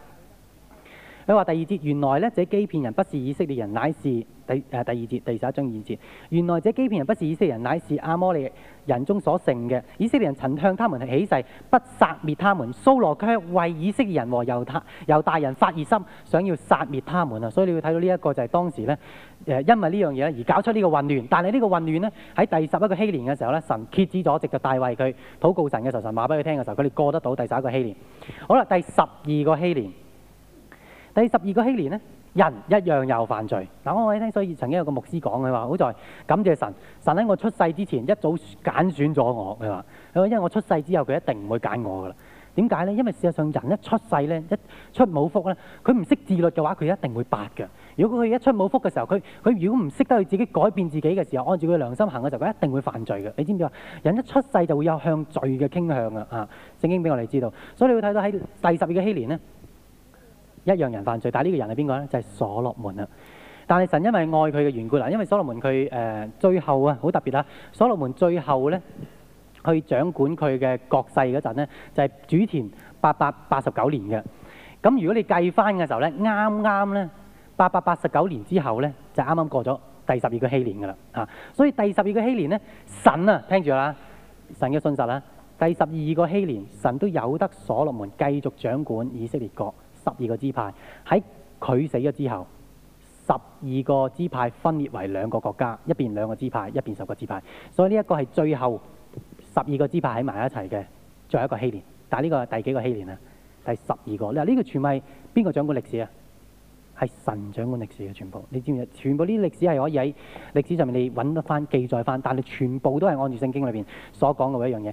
你話第二節原來呢這基遍人不是以色列人，乃是第誒、啊、第二節第二十一章二節，原來這基遍人不是以色列人，乃是亞摩利人中所剩嘅。以色列人曾向他們起誓，不殺滅他們。掃羅卻為以色列人和猶太、猶大人發熱心，想要殺滅他們啊！所以你要睇到呢一個就係當時呢，誒、呃，因為這事呢樣嘢而搞出呢個混亂。但係呢個混亂呢，喺第十一個禧年嘅時候咧，神攜指咗直到大衛佢禱告神嘅時候，神話俾佢聽嘅時候，佢哋過得到第十一個禧年。好啦，第十二個禧年。第十二個禧年呢，人一樣又犯罪。嗱，我講你聽，所以曾經有個牧師講佢話：好在感謝神，神喺我出世之前一早揀選咗我。佢話：因為我出世之後，佢一定唔會揀我噶啦。點解呢？因為事實上人一出世呢，一出冇福呢，佢唔識自律嘅話，佢一定會拔嘅。如果佢一出冇福嘅時候，佢佢如果唔識得佢自己改變自己嘅時候，按住佢良心行嘅時候，佢一定會犯罪嘅。你知唔知啊？人一出世就會有向罪嘅傾向啊！聖經俾我哋知道，所以你會睇到喺第十二個禧年呢。一樣人犯罪，但係呢個人係邊個咧？就係、是、所羅門啦。但係神因為愛佢嘅緣故啦，因為所羅門佢誒、呃、最後啊，好特別啦。所羅門最後咧去掌管佢嘅國勢嗰陣咧，就係、是、主田八百八十九年嘅。咁如果你計翻嘅時候咧，啱啱咧八百八十九年之後咧，就啱啱過咗第十二個禧年噶啦啊。所以第十二個禧年咧，神啊，聽住啦，神嘅信實啦，第十二個禧年神都由得所羅門繼續掌管以色列國。十二個支派喺佢死咗之後，十二個支派分裂為兩個國家，一邊兩個支派，一邊十個支派。所以呢一個係最後十二個支派喺埋一齊嘅，最後一個禧年。但係呢個係第幾個禧年啊？第十二個。嗱，呢個全係邊個掌管歷史啊？係神掌管歷史嘅全部。你知唔知？全部啲歷史係可以喺歷史上面你揾得翻、記載翻，但係全部都係按住聖經裏邊所講嘅一樣嘢。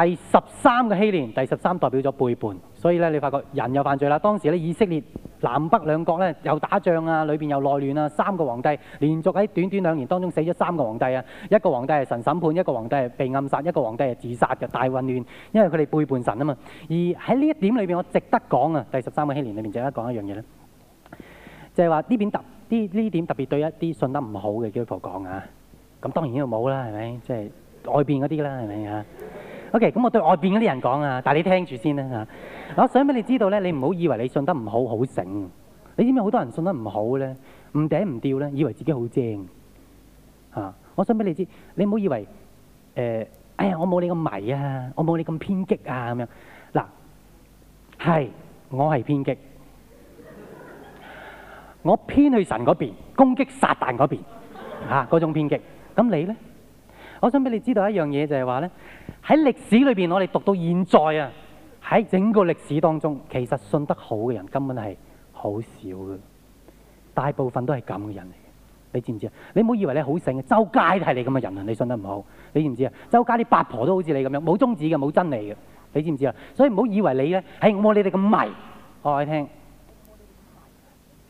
第十三個禧年，第十三代表咗背叛，所以咧你發覺人又犯罪啦。當時咧以色列南北兩國咧又打仗啊，裏邊又內亂啊，三個皇帝連續喺短短兩年當中死咗三個皇帝啊，一個皇帝係神審判，一個皇帝係被暗殺，一個皇帝係自殺嘅大混亂，因為佢哋背叛神啊嘛。而喺呢一點裏邊，我值得講啊，第十三個禧年裏面，值得講一樣嘢咧，就係話呢邊特呢呢點特別對一啲信得唔好嘅基督徒講啊。咁當然呢度冇啦，係咪？即係外邊嗰啲啦，係咪啊？OK，咁我對外邊嗰啲人講啊，但係你聽住先啦吓。我想俾你知道咧，你唔好以為你信得唔好，好醒。你知唔知好多人信得唔好咧，唔頂唔掉咧，以為自己好精吓。我想俾你知，你唔好以為誒、呃，哎呀，我冇你咁迷啊，我冇你咁偏激啊咁樣。嗱，係我係偏激，我偏去神嗰邊攻擊撒旦嗰邊吓，嗰種偏激。咁你咧，我想俾你知道一樣嘢，就係話咧。喺歷史裏邊，我哋讀到現在啊，喺整個歷史當中，其實信得好嘅人根本係好少嘅，大部分都係咁嘅人嚟嘅。你知唔知啊？你唔好以為你好醒，周街都係你咁嘅人啊！你信得唔好，你知唔知啊？周街啲八婆都好似你咁樣冇宗旨嘅、冇真理嘅，你知唔知啊？所以唔好以為你咧，係冇你哋咁迷。我話你聽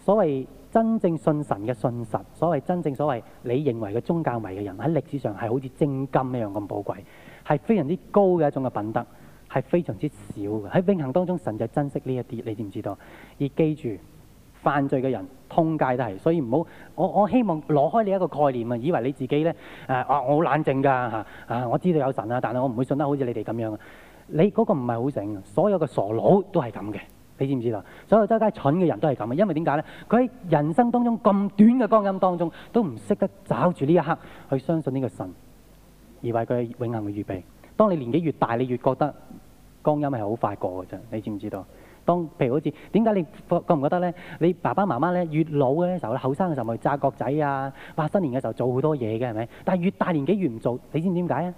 所謂真正信神嘅信實，所謂真正所謂你認為嘅宗教迷嘅人喺歷史上係好似正金一樣咁寶貴。係非常之高嘅一種嘅品德，係非常之少嘅。喺永恆當中，神就珍惜呢一啲，你知唔知道？而記住犯罪嘅人，通街都係，所以唔好我我希望攞開你一個概念啊，以為你自己呢，誒啊，我好冷靜㗎嚇啊，我知道有神啊，但係我唔會信得好似你哋咁樣啊。你嗰個唔係好醒，所有嘅傻佬都係咁嘅，你知唔知道？所有周街蠢嘅人都係咁嘅，因為點解呢？佢喺人生當中咁短嘅光陰當中，都唔識得找住呢一刻去相信呢個神。而為佢永恆嘅預備。當你年紀越大，你越覺得光陰係好快過嘅啫。你知唔知道？當譬如好似點解你覺唔覺得咧？你爸爸媽媽咧越老嘅時候，後生嘅時候咪炸角仔啊，過新年嘅時候做好多嘢嘅係咪？但係越大年紀越唔做，你知唔知點解啊？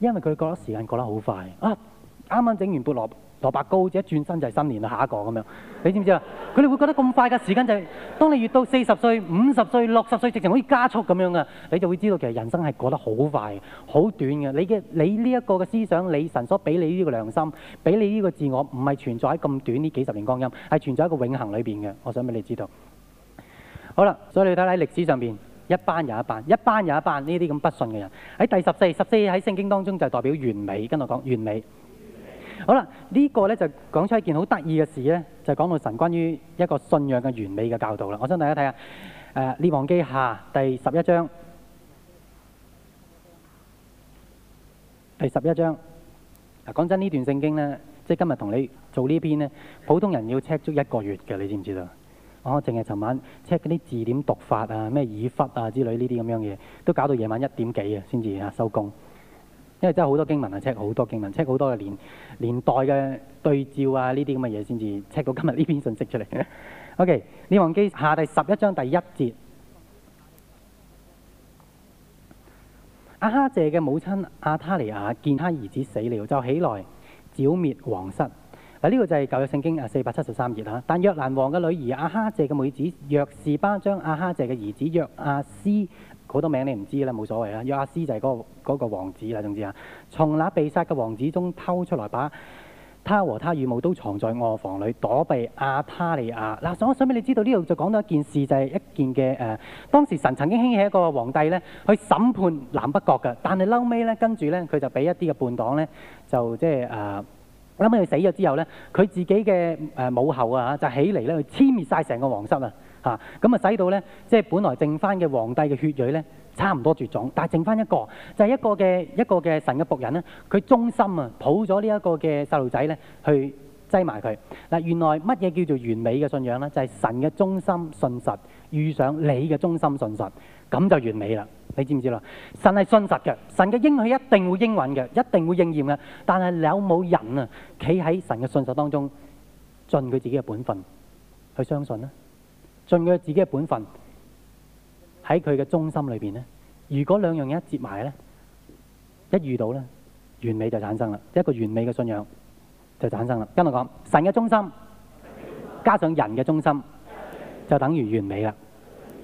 因為佢覺得時間過得好快啊！啱啱整完菠蘿蘿蔔糕，一轉身就係新年啦！下一個咁樣，你知唔知啊？佢哋會覺得咁快嘅時間、就係，就係當你越到四十歲、五十歲、六十歲，直情可以加速咁樣嘅，你就會知道其實人生係過得好快、好短嘅。你嘅你呢一個嘅思想，你神所俾你呢個良心，俾你呢個自我，唔係存在喺咁短呢幾十年光陰，係存在一個永恆裏邊嘅。我想俾你知道。好啦，所以你睇睇歷史上邊一班又一班，一班又一班呢啲咁不信嘅人喺第十四十四喺聖經當中就代表完美，跟我講完美。好啦，呢、這個呢就講出一件好得意嘅事呢，就講到神關於一個信仰嘅完美嘅教導啦。我想大家睇下，誒、啊、列王記下第十一章，第十一章。嗱、啊，講真呢段聖經呢，即、就是、今日同你做呢篇呢，普通人要 check 足一個月嘅，你知唔知道？我淨係尋晚 check 嗰啲字典讀法啊、咩耳忽啊之類呢啲咁樣嘢，都搞到夜晚一點幾啊，先至收工。因為真係好多經文啊，check 好多經文，check 好多嘅年年代嘅對照啊，呢啲咁嘅嘢先至 check 到今日呢篇信息出嚟。 OK，列王紀下第十一章第一節， 阿哈謝嘅母親阿他尼亞見他兒子死了，就起來剿滅王室。嗱、啊，呢個就係、是、舊約聖經啊四百七十三頁啦。但約蘭王嘅女兒阿哈謝嘅妹子約士巴將阿哈謝嘅兒子約阿斯好多名字你唔知啦，冇所謂啦。約阿斯就係嗰個、嗰個王子啦，總之啊，從那被殺嘅王子中偷出來，把他和他羽毛都藏在臥房裏，躲避亞他利雅。嗱，我想想俾你知道，呢度就講到一件事，就係一件嘅誒，當時神曾經興起一個皇帝咧，去審判南北國嘅，但係後尾咧跟住咧，佢就俾一啲嘅叛黨咧，就即係誒，後尾佢死咗之後咧，佢自己嘅誒母后啊就起嚟咧，去殲滅晒成個皇室啊！啊！咁啊，使到咧，即係本來剩翻嘅皇帝嘅血裔咧，差唔多絕種，但係剩翻一個，就係一個嘅一個嘅神嘅僕人咧，佢忠心啊，抱咗呢一個嘅細路仔咧，去擠埋佢嗱。原來乜嘢叫做完美嘅信仰咧？就係神嘅忠心信實，遇上你嘅忠心信實，咁就完美啦。你知唔知啦？神係信實嘅，神嘅應許一定會應允嘅，一定會應驗嘅。但係有冇人啊，企喺神嘅信實當中，盡佢自己嘅本分，去相信呢？盡佢自己嘅本分，喺佢嘅中心裏邊咧，如果兩樣嘢一接埋咧，一遇到咧，完美就產生啦，一個完美嘅信仰就產生啦。跟我講，神嘅中心加上人嘅中心，就等於完美啦。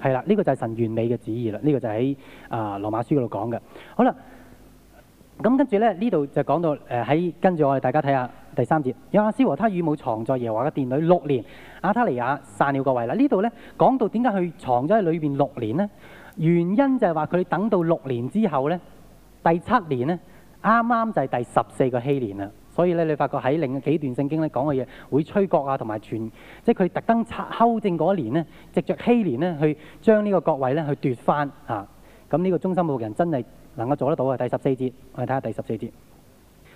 係啦，呢、這個就係神完美嘅旨意啦。呢、這個就喺啊、呃、羅馬書嗰度講嘅。好啦。咁跟住咧，呢度就講到誒喺、呃、跟住我哋大家睇下第三節。有亞、啊、斯和他與母藏在耶和華嘅殿裏六年，亞他利亞散了國位啦。這裏呢度咧講到點解佢藏咗喺裏邊六年呢？原因就係話佢等到六年之後咧，第七年咧啱啱就係第十四個禧年啦。所以咧，你發覺喺另外幾段聖經咧講嘅嘢會吹角啊，同埋傳，即係佢特登修正嗰一年咧，藉着禧年咧去將呢個國位咧去奪翻嚇。咁、啊、呢個中心牧人真係～能夠做得到嘅第十四節，我哋睇下第十四節。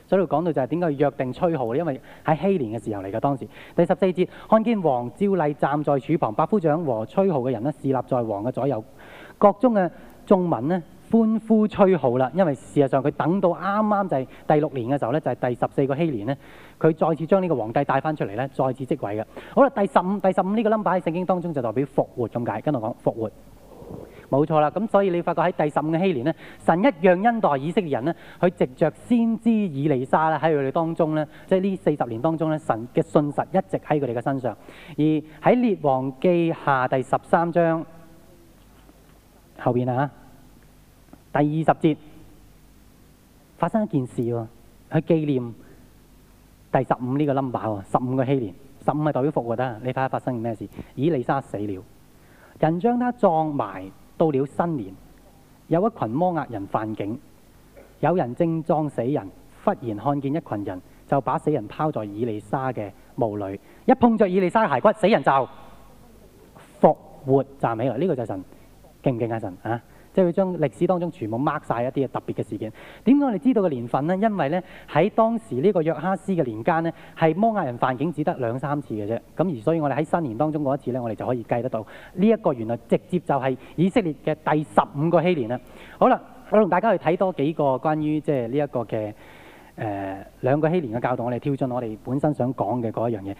所以佢講到就係點解要約定吹號呢？因為喺禧年嘅時候嚟嘅當時。第十四節看見王照例站在柱旁。百夫長和吹號嘅人呢，侍立在王嘅左右。國中嘅眾民呢，歡呼吹號啦。因為事實上佢等到啱啱就係第六年嘅時候呢，就係、是、第十四個禧年呢。佢再次將呢個皇帝帶翻出嚟呢，再次即位嘅。好啦，第十五、第十五呢個冧巴喺聖經當中就代表復活咁解，跟住我講復活。冇錯啦，咁所以你發覺喺第十五個禧年咧，神一樣恩待以色列人咧，佢藉著先知以利沙咧喺佢哋當中咧，即係呢四十年當中咧，神嘅信實一直喺佢哋嘅身上。而喺列王記下第十三章後邊啊，第二十節發生一件事喎，去紀念第十五呢個 number，十五個禧年，十五係代表復活，得你睇下發生咩事？以利沙死了，人將他葬埋。到了新年，有一群摩押人犯境，有人正葬死人，忽然看見一群人就把死人拋在以利沙嘅墓裏，一碰着以利沙嘅骸骨，死人就復活站起來，呢、這個就係神，勁唔勁啊？神啊！即係會將歷史當中全部 mark 晒一啲特別嘅事件。點解我哋知道嘅年份呢？因為呢，喺當時呢個約哈斯嘅年間呢，係摩亞人犯境只得兩三次嘅啫。咁而所以我哋喺新年當中嗰一次呢，我哋就可以計得到呢一個原來直接就係以色列嘅第十五個禧年啦。好啦，我同大家去睇多幾個關於即係呢一個嘅誒、呃、兩個禧年嘅教導，我哋挑進我哋本身想講嘅嗰一樣嘢。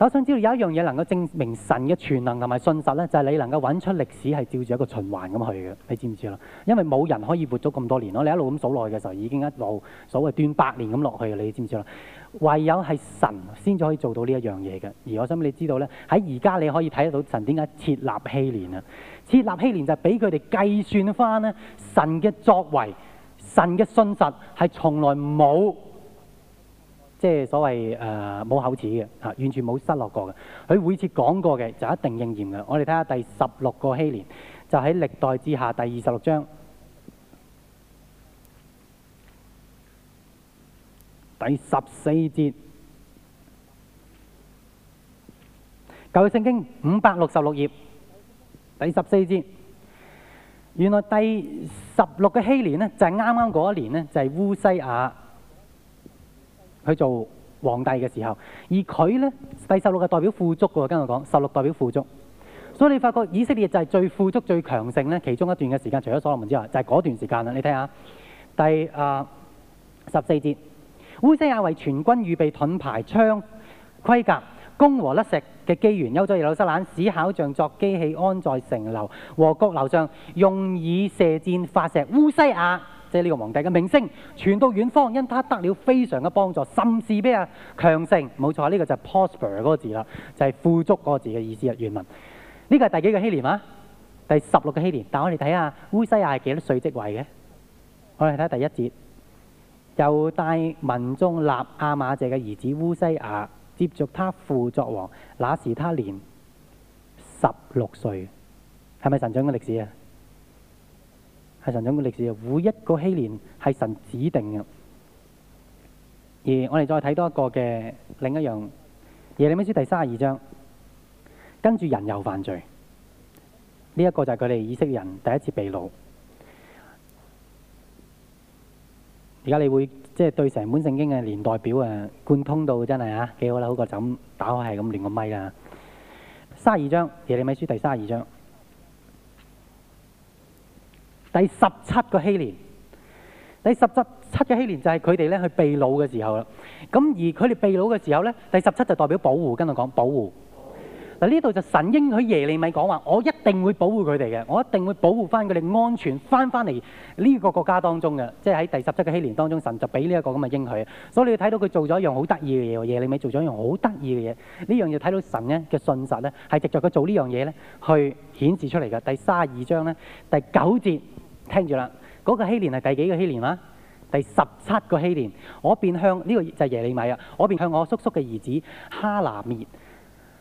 我想知道有一樣嘢能夠證明神嘅全能同埋信實咧，就係你能夠揾出歷史係照住一個循環咁去嘅，你知唔知啦？因為冇人可以活咗咁多年咯，你一路咁數落去嘅時候，已經一路所謂端百年咁落去嘅，你知唔知啦？唯有係神先至可以做到呢一樣嘢嘅。而我想俾你知道咧，喺而家你可以睇得到神點解設立禧年啊。設立禧年就係俾佢哋計算翻咧神嘅作為，神嘅信實係從來冇。即係所謂誒冇、呃、口齒嘅，嚇、啊、完全冇失落過嘅。佢每次講過嘅就一定應驗嘅。我哋睇下第十六個禧年，就喺歷代之下第二十六章第十四節。舊約聖經五百六十六頁第十四節。原來第十六個禧年呢，就係啱啱嗰一年呢，就係、是、烏西亞。去做皇帝嘅時候，而佢呢，第十六係代表富足嘅，我跟我講，十六代表富足。所以你發覺以色列就係最富足、最強盛呢其中一段嘅時間，除咗所羅門之外，就係、是、嗰段時間啦。你睇下第十四、呃、節，烏西亞為全軍預備盾牌、槍、盔甲、弓和甩石嘅機緣，又在耶路撒冷，使巧匠作機器，安在城樓和角樓上，用以射箭發石，烏西亞。即呢個皇帝嘅名聲傳到遠方，因他得了非常嘅幫助，甚至比啊強盛，冇錯，呢、這個就係 prosper 嗰個字啦，就係、是、富足嗰個字嘅意思啊。原文呢、這個係第幾個禧年啊？第十六個禧年。但我哋睇下烏西亞係幾多歲即位嘅？我哋睇下第一節，又帶民眾立亞瑪謝嘅兒子烏西亞，接續他父作王。那時他年十六歲，係咪神掌嘅歷史啊？是神掌嘅歷史啊，每一個禧年係神指定嘅。而我哋再睇多一個嘅另一樣，耶利米書第三十二章，跟住人又犯罪。呢、這、一個就係佢哋以色列人第一次被擄。而家你會即係、就是、對成本聖經嘅年代表啊貫通到，真係啊，幾好啦！好過就咁打開係咁連個咪啦。三十二章，耶利米書第三十二章。第十七個禧年，第十七七嘅禧年就係佢哋咧去被擄嘅時候啦。咁而佢哋被擄嘅時候咧，第十七就代表保護，跟住講保護嗱。呢度護就神應許耶利米講話，我一定會保護佢哋嘅，我一定會保護翻佢哋安全翻翻嚟呢個國家當中嘅，即係喺第十七嘅禧年當中，神就俾呢一個咁嘅應許。所以你睇到佢做咗一樣好得意嘅嘢，耶利米做咗一樣好得意嘅嘢。呢樣嘢睇到神咧嘅信實咧，係藉著佢做呢樣嘢咧去顯示出嚟嘅。第三十二章咧第九節。聽住啦，嗰、那個禧年係第幾個？禧年啊？第十七個。禧年我便向呢、這個就係耶利米啊，我便向我叔叔嘅兒子哈拿滅。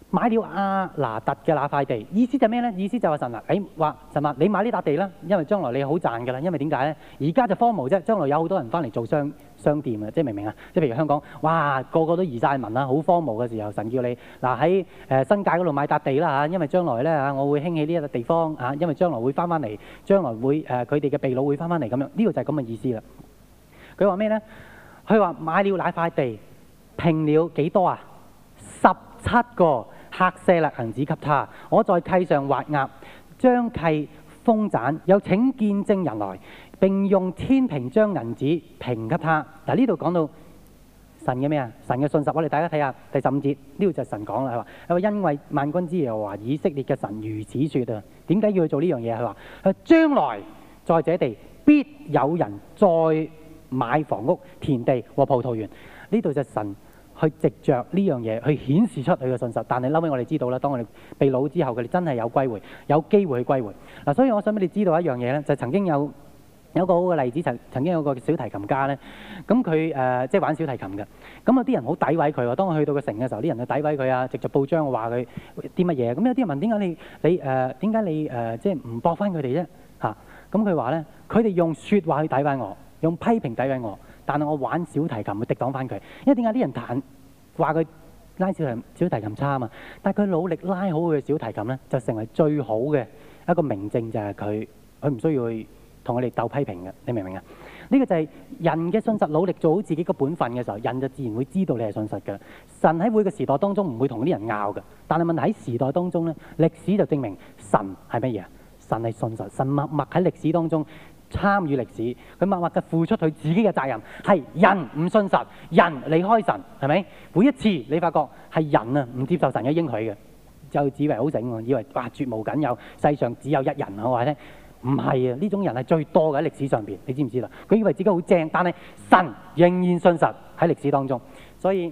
買了阿、啊、拿突嘅那塊地，意思就咩麼呢？意思就話神啊，話、哎、神啊，你買呢沓地啦，因為將來你好賺噶啦，因為點解呢？而家就荒無啫，將來有好多人翻嚟做商商店啊，即明唔明啊？即譬如香港，哇，個個都移曬民喇，好荒無嘅時候，神叫你嗱喺、啊、新界嗰度買笪地啦，因為將來呢我會興起呢一個地方，啊、因為將來會翻翻嚟，將來會、啊、他們佢哋嘅被擄會翻翻嚟咁樣，呢、這個就係咁嘅意思喇。他佢話咩呢？佢話買了那塊地，平了幾多少啊？十七個。拆卸了銀子給他，我在契上畫押，將契封斬，又請見證人來，並用天平將銀子平給他。嗱，呢度講到神嘅咩啊？神嘅信實，我哋大家睇下第十五節，呢度就係神講啦，係話因為萬軍之耶和華以色列嘅神如此說啊，點解要去做呢樣嘢？係話將來在這地必有人再買房屋、田地和葡萄園。呢度就係神。去藉着呢樣嘢去顯示出佢嘅信實，但係嬲尾我哋知道啦，當我哋被擄之後，佢哋真係有歸回，有機會去歸回嗱、啊。所以我想俾你知道一樣嘢咧，就係、曾經有有一個好嘅例子，曾曾經有個小提琴家咧，咁佢誒即係玩小提琴嘅，咁有啲人好詆毀佢喎。當我去到個城嘅時候，啲人去詆毀佢、呃呃、啊，藉著報章話佢啲乜嘢。咁有啲人問，點解你你誒點解你誒即係唔駁翻佢哋啫嚇？咁佢話咧，佢哋用説話去詆毀我，用批評詆毀我。但係我玩小提琴會抵擋翻佢，因為點解啲人彈話佢拉小提小提琴差啊嘛？但係佢努力拉好佢嘅小提琴咧，就成為最好嘅一個明證，就係佢佢唔需要去同我哋鬥批評嘅，你明唔明啊？呢、這個就係人嘅信實，努力做好自己嘅本分嘅時候，人就自然會知道你係信實嘅。神喺每個時代當中唔會同啲人拗嘅，但係問題喺時代當中咧，歷史就證明神係乜嘢啊？神係信實，神默默喺歷史當中。參與歷史，佢默默嘅付出佢自己嘅責任，係人唔信實，人離開神，係咪？每一次你發覺係人啊，唔接受神嘅應許嘅，就以為好醒，以為哇絕無僅有，世上只有一人啊！我話你聽，唔係啊！呢種人係最多嘅喺歷史上邊，你知唔知啦？佢以為自己好正，但係神仍然信實喺歷史當中，所以。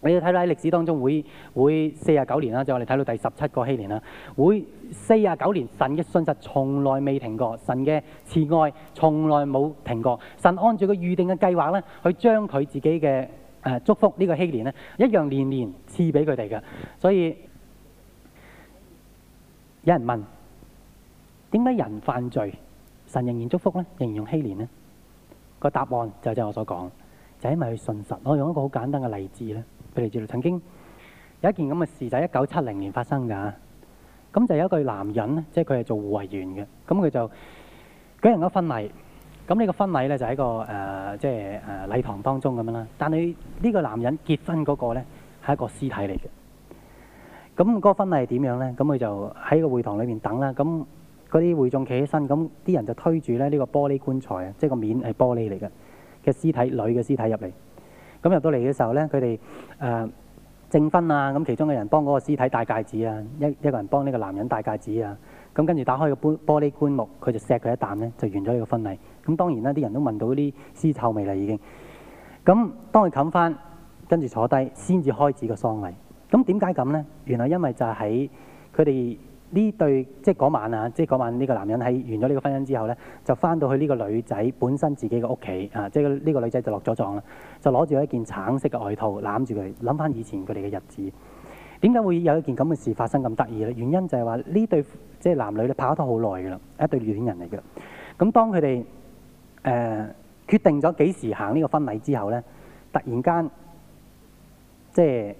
你哋睇到喺歷史當中會會四十九年啦，即係我哋睇到第十七個禧年啦，會四十九年，神嘅信實從來未停過，神嘅慈愛從來冇停過，神按照個預定嘅計劃咧，去將佢自己嘅祝福呢、呢個禧年咧，一樣年年賜俾佢哋嘅。所以有人問點解人犯罪，神仍然祝福咧，仍然用禧年咧？個答案就正我所講，就係、是、因為佢信實。我用一個好簡單嘅例子咧。曾經有一件咁嘅事就喺一九七零年發生㗎，咁就有一個男人咧，即係佢係做護衞員嘅，咁佢就舉行咗個婚禮，咁呢個婚禮咧就喺個誒即係誒禮堂當中咁樣啦。但係呢個男人結婚嗰個咧係一個屍體嚟嘅，咁嗰個婚禮係點樣咧？咁佢就喺個會堂裏面等啦，咁嗰啲會眾企起身，咁啲人就推住咧呢個玻璃棺材啊，即係個面係玻璃嚟嘅嘅屍體，女嘅屍體入嚟。咁入到嚟嘅時候咧，佢哋誒證婚啊，咁其中嘅人幫嗰個屍體戴戒指啊，一一個人幫呢個男人戴戒指啊，咁跟住打開個玻玻璃棺木，佢就錫佢一啖咧，就完咗呢個婚禮。咁當然啦，啲人都聞到啲屍臭味啦，已經。咁當佢冚翻，跟住坐低先至開始個喪禮。咁點解咁咧？原來因為就喺佢哋。呢對即係嗰晚啊，即係嗰晚呢個男人喺完咗呢個婚姻之後咧，就翻到去呢個女仔本身自己嘅屋企啊，即係呢個女仔就落咗葬啦，就攞住一件橙色嘅外套攬住佢，諗翻以前佢哋嘅日子。點解會有一件咁嘅事發生咁得意咧？原因就係話呢對即係、就是、男女咧拍拖好耐嘅啦，係一對戀人嚟嘅。咁當佢哋誒決定咗幾時行呢個婚禮之後咧，突然間即係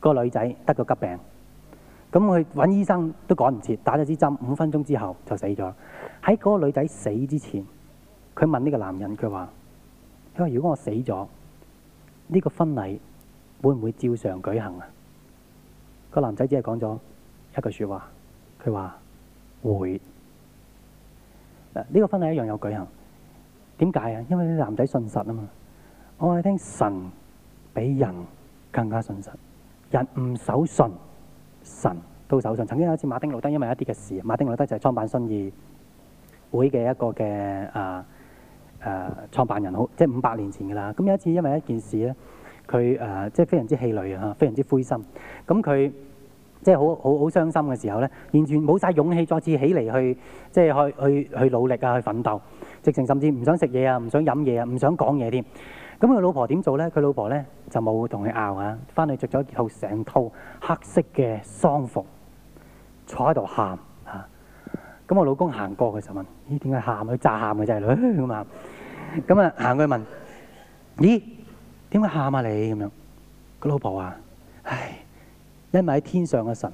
個女仔得個急病。咁佢揾醫生都趕唔切，打咗支針，五分鐘之後就死咗。喺嗰個女仔死之前，佢問呢個男人，佢話，因為如果我死咗，呢個婚禮會唔會照常舉行啊？個男仔只係講咗一句說話，佢話會。呢個婚禮一樣有舉行。點解啊？因為呢男仔信實啊嘛。我係聽神比人更加信實，人唔守信。神都手上，曾經有一次馬丁路德因為一啲嘅事，馬丁路德就係創辦信義會嘅一個嘅誒誒創辦人，好即係五百年前噶啦。咁有一次因為一件事咧，佢誒即係非常之氣餒啊，非常之灰心。咁佢即係好好好傷心嘅時候咧，完全冇晒勇氣再次起嚟去，即係去去去努力啊，去奮鬥，直情甚至唔想食嘢啊，唔想飲嘢啊，唔想講嘢添。咁佢老婆點做咧？佢老婆咧就冇同佢拗啊，翻去着咗一套成套黑色嘅喪服，坐喺度喊嚇。咁、啊、我老公行過佢就問：咦，點解喊？佢炸喊嘅真係咁喊。咁啊行去問：咦，點解喊啊你？咁樣，佢老婆話：唉，因為喺天上嘅神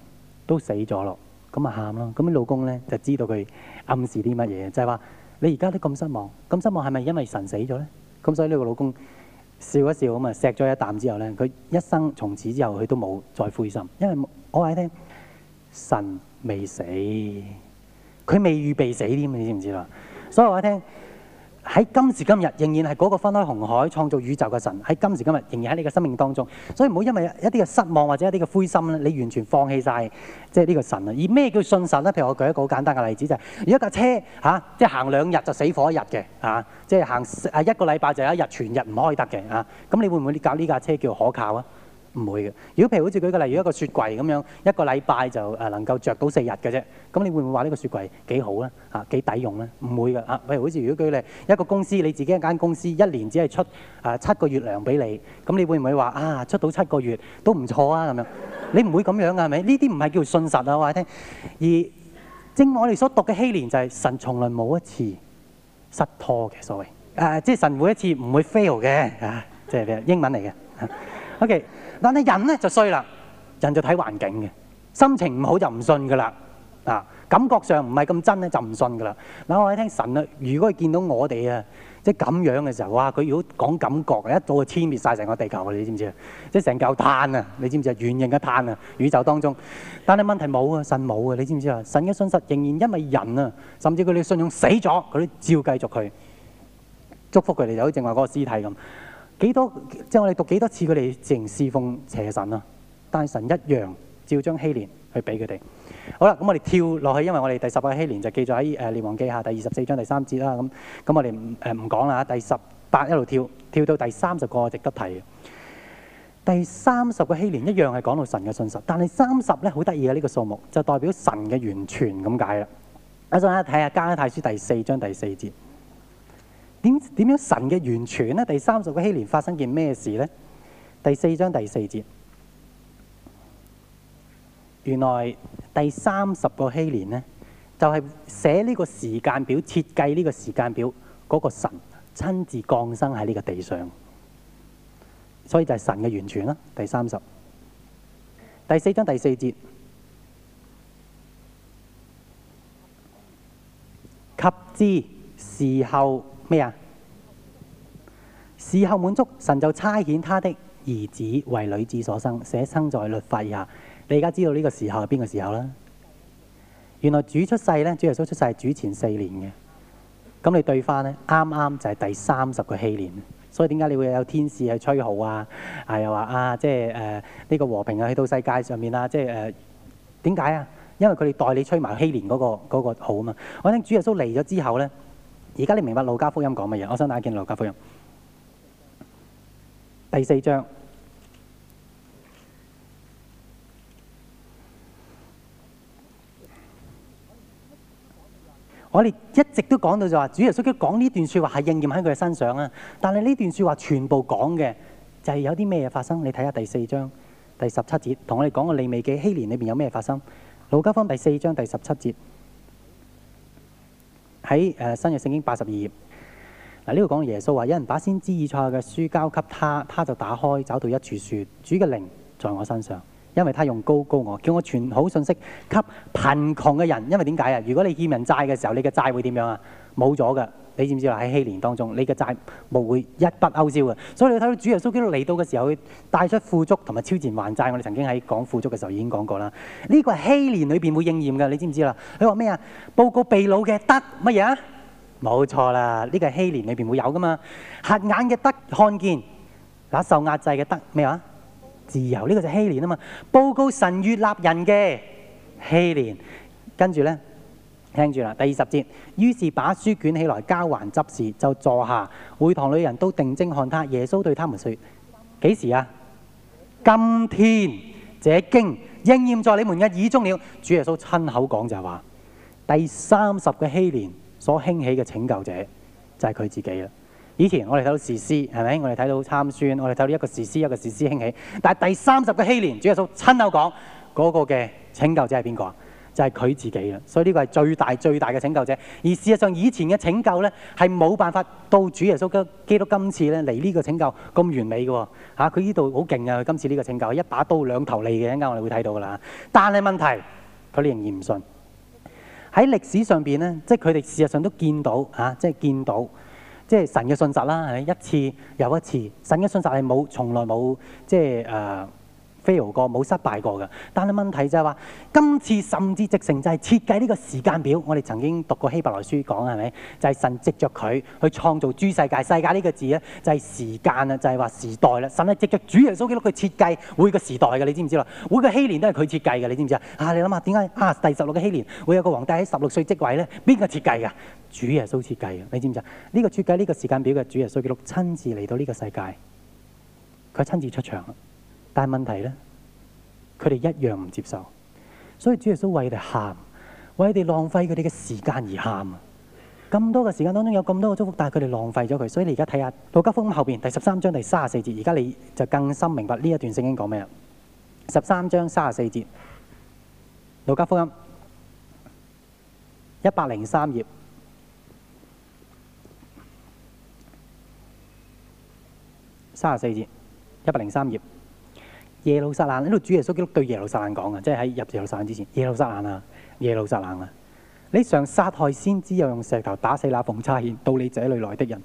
都死咗咯，咁啊喊咯。咁啲老公咧就知道佢暗示啲乜嘢，就係話你而家都咁失望，咁失望係咪因為神死咗咧？咁所以呢個老公笑一笑咁啊，錫咗一啖之後咧，佢一生從此之後佢都冇再灰心，因為我話你聽，神未死，佢未預備死添，你知唔知啊？所以我話你聽。喺今時今日仍然係嗰個分開紅海創造宇宙嘅神，喺今時今日仍然喺你嘅生命當中，所以唔好因為一啲嘅失望或者一啲嘅灰心，你完全放棄曬即係呢個神而咩叫信神呢？譬如我舉一個好簡單嘅例子就係，如果一架車、啊、即係行兩日就死火一日嘅、啊、即係行一個禮拜就有一日全日唔開得嘅嚇，啊、咁你會唔會搞架呢架車叫可靠啊？唔會嘅。如果譬如好似舉個例如一個雪櫃咁樣，一個禮拜就誒能夠着到四日嘅啫。咁你會唔會話呢個雪櫃幾好咧？嚇、啊、幾抵用咧？唔會嘅。嚇，譬如好似如果舉例一個公司，你自己一間公司，一年只係出誒、啊、七個月糧俾你，咁你會唔會話啊出到七個月都唔錯啊咁樣？你唔會咁樣嘅係咪？呢啲唔係叫信實啊話你聽。而正我哋所讀嘅禧年就係、是、神從來冇一次失拖嘅所謂。誒、啊，即係神每一次唔會 fail 嘅。嚇、啊，即係英文嚟嘅。 OK。但係人咧就衰啦，人就睇環境嘅，心情唔好就唔信噶啦，啊感覺上唔係咁真咧就唔信噶啦。嗱我哋聽神啦、啊，如果佢見到我哋啊，即係咁樣嘅時候，哇！佢如果講感覺，一早就摧滅晒成個地球啦，你知唔知啊？即係成嚿炭啊，你知唔知啊？圓形嘅炭啊，宇宙當中。但係問題冇啊，神冇啊，你知唔知啊？神嘅信實仍然因為人啊，甚至佢哋信仰死咗，佢都照繼續去祝福佢哋，就好似淨話嗰個屍體咁。幾多即係我哋讀幾多次佢哋淨侍奉邪神啊，但係神一樣照章禧年去俾佢哋。好啦，咁我哋跳落去，因為我哋第十八個禧年就記咗喺《誒列王記》下第二十四章第三節啦。咁咁我哋誒唔講啦。第十八一路跳跳到第三十個值得睇嘅。第三十個禧年一樣係講到神嘅信實，但係三十咧好得意嘅呢、這個數目，就代表神嘅完全咁解啦。一陣咧睇下《加拉太書》第四章第四節。點點樣神嘅完全呢？第三十個禧年發生件咩事呢？第四章第四節，原來第三十個禧年呢，就係寫呢個時間表，設計呢個時間表嗰、那個神親自降生喺呢個地上，所以就係神嘅完全啦。第三十第四章第四節，及之時候。咩啊？事後滿足，神就差遣他的兒子為女子所生，且生在律法以下。你而家知道呢個時候係邊個時候啦？原來主出世咧，主耶穌出世係主前四年嘅。咁你對翻咧，啱啱就係第三十個禧年。所以點解你會有天使去吹號啊？係又話啊，即係誒呢個和平啊，去到世界上面啊，即係誒點解啊？因為佢哋代理吹埋禧年嗰個、嗰個號啊嘛。我聽主耶穌嚟咗之後咧。而家你明白路加福音講乜嘢？我想睇下《見路加福音》第四章。我哋一直都講到就話，主耶穌佢講呢段說話係應驗喺佢嘅身上啊。但係呢段說話全部講嘅就係有啲咩嘢發生？你睇下第四章第十七節，同我哋講個利未記禧年裏邊有咩嘢發生？路加福音第四章第十七節。喺新約聖經八十二頁，嗱呢度講耶穌話：有人把先知以賽亞嘅書交給他，他就打開，找到一處説：主嘅靈在我身上，因為他用膏膏我，叫我傳好信息給貧窮嘅人。因為點解啊？如果你欠人債嘅時候，你嘅債會點樣啊？冇咗㗎。你知唔知啊？喺禧年當中，你嘅債務會一筆勾銷嘅。所以你睇到主耶穌基督嚟到嘅時候，佢帶出富足同埋超前還債。我哋曾經喺講富足嘅時候已經講過啦。呢個係禧年裏邊會應驗嘅。你知唔知啦？你話咩啊？報告被擄嘅得乜嘢啊？冇錯啦，呢個係禧年裏邊會有噶嘛。瞎眼嘅得看見，嗱受壓制嘅得咩話？自由呢個就係禧年啊嘛。報告神悅納人嘅禧年，跟住咧。聽住啦，第二十節，於是把書卷起來交還執事，就坐下。會堂裏人都定睛看他。耶穌對他們說：幾時啊？今天，這經應驗在你們嘅耳中了。主耶穌親口講就係話：第三十個禧年所興起嘅拯救者就係佢自己啦。以前我哋睇到士師係咪？我哋睇到參孫，我哋睇到一個士師一個士師興起。但係第三十個禧年，主耶穌親口講嗰、那個嘅拯救者係邊個啊？就係佢自己啦，所以呢個係最大最大嘅拯救者。而事實上以前嘅拯救咧，係冇辦法到主耶穌基督今次咧嚟呢個拯救咁完美嘅喎嚇。佢呢度好勁呀，佢今次呢個拯救係一把刀兩頭利嘅。一陣間我哋會睇到噶啦。但係問題，佢哋仍然唔信。喺歷史上邊咧，即係佢哋事實上都見到嚇、啊，即係見到，即係神嘅信實啦。係一次又一次，神嘅信實係冇從來冇即係誒。呃過冇失敗過嘅，但係問題就係話，今次甚至直成就係設計呢個時間表。我哋曾經讀過希伯來書講係咪？就係、是、神藉着佢去創造諸世界。世界呢個字咧，就係時間啊，就係話時代啦。神咧藉着主耶穌基督去設計每個時代嘅，你知唔知啦？每個禧年都係佢設計嘅，你知唔知啊？啊，你諗下點解啊？第十六個禧年會有個皇帝喺十六歲即位咧？邊個設計噶？主耶穌設計嘅，你知唔知啊？呢、這個設計呢個時間表嘅主耶穌基督親自嚟到呢個世界，佢親自出場。但係問題咧，佢哋一樣唔接受，所以主耶穌為佢哋喊，為佢哋浪費佢哋嘅時間而喊。咁多嘅時間當中有咁多嘅祝福，但係佢哋浪費咗佢，所以你而家睇下路加福音後邊第十三章第三十四節，而家你就更深明白呢一段聖經講咩。十三章三十四節，路加福音一百零三頁三十四節，一百零三頁。耶路撒冷呢度，主耶穌基督對耶路撒冷講啊，即係喺入耶路撒冷之前，耶路撒冷啊，耶路撒冷啊，你常殺害先知，又用石頭打死那奉差遣到你這裏來的人。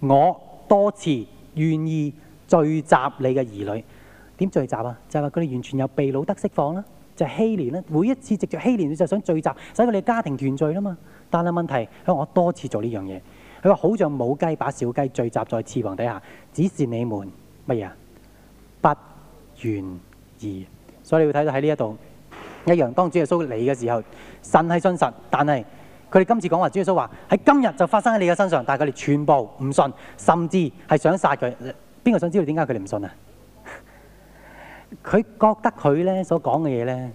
我多次願意聚集你嘅兒女，點聚集啊？就係話佢哋完全有被擄得釋放啦、啊，就係、禧年啦、啊。每一次藉著禧年，佢就想聚集，使佢哋家庭團聚啦、啊、嘛。但係問題，佢話我多次做呢樣嘢，佢話好像冇雞把小雞聚集在翅膀底下，只是你們乜嘢啊？不。原意，所以你會睇到喺呢一度，一樣當主耶穌嚟嘅時候，神係信實，但係佢哋今次講話，主耶穌話喺今日就發生喺你嘅身上，但係佢哋全部唔信，甚至係想殺佢。邊個想知道點解佢哋唔信啊？佢覺得佢咧所講嘅嘢咧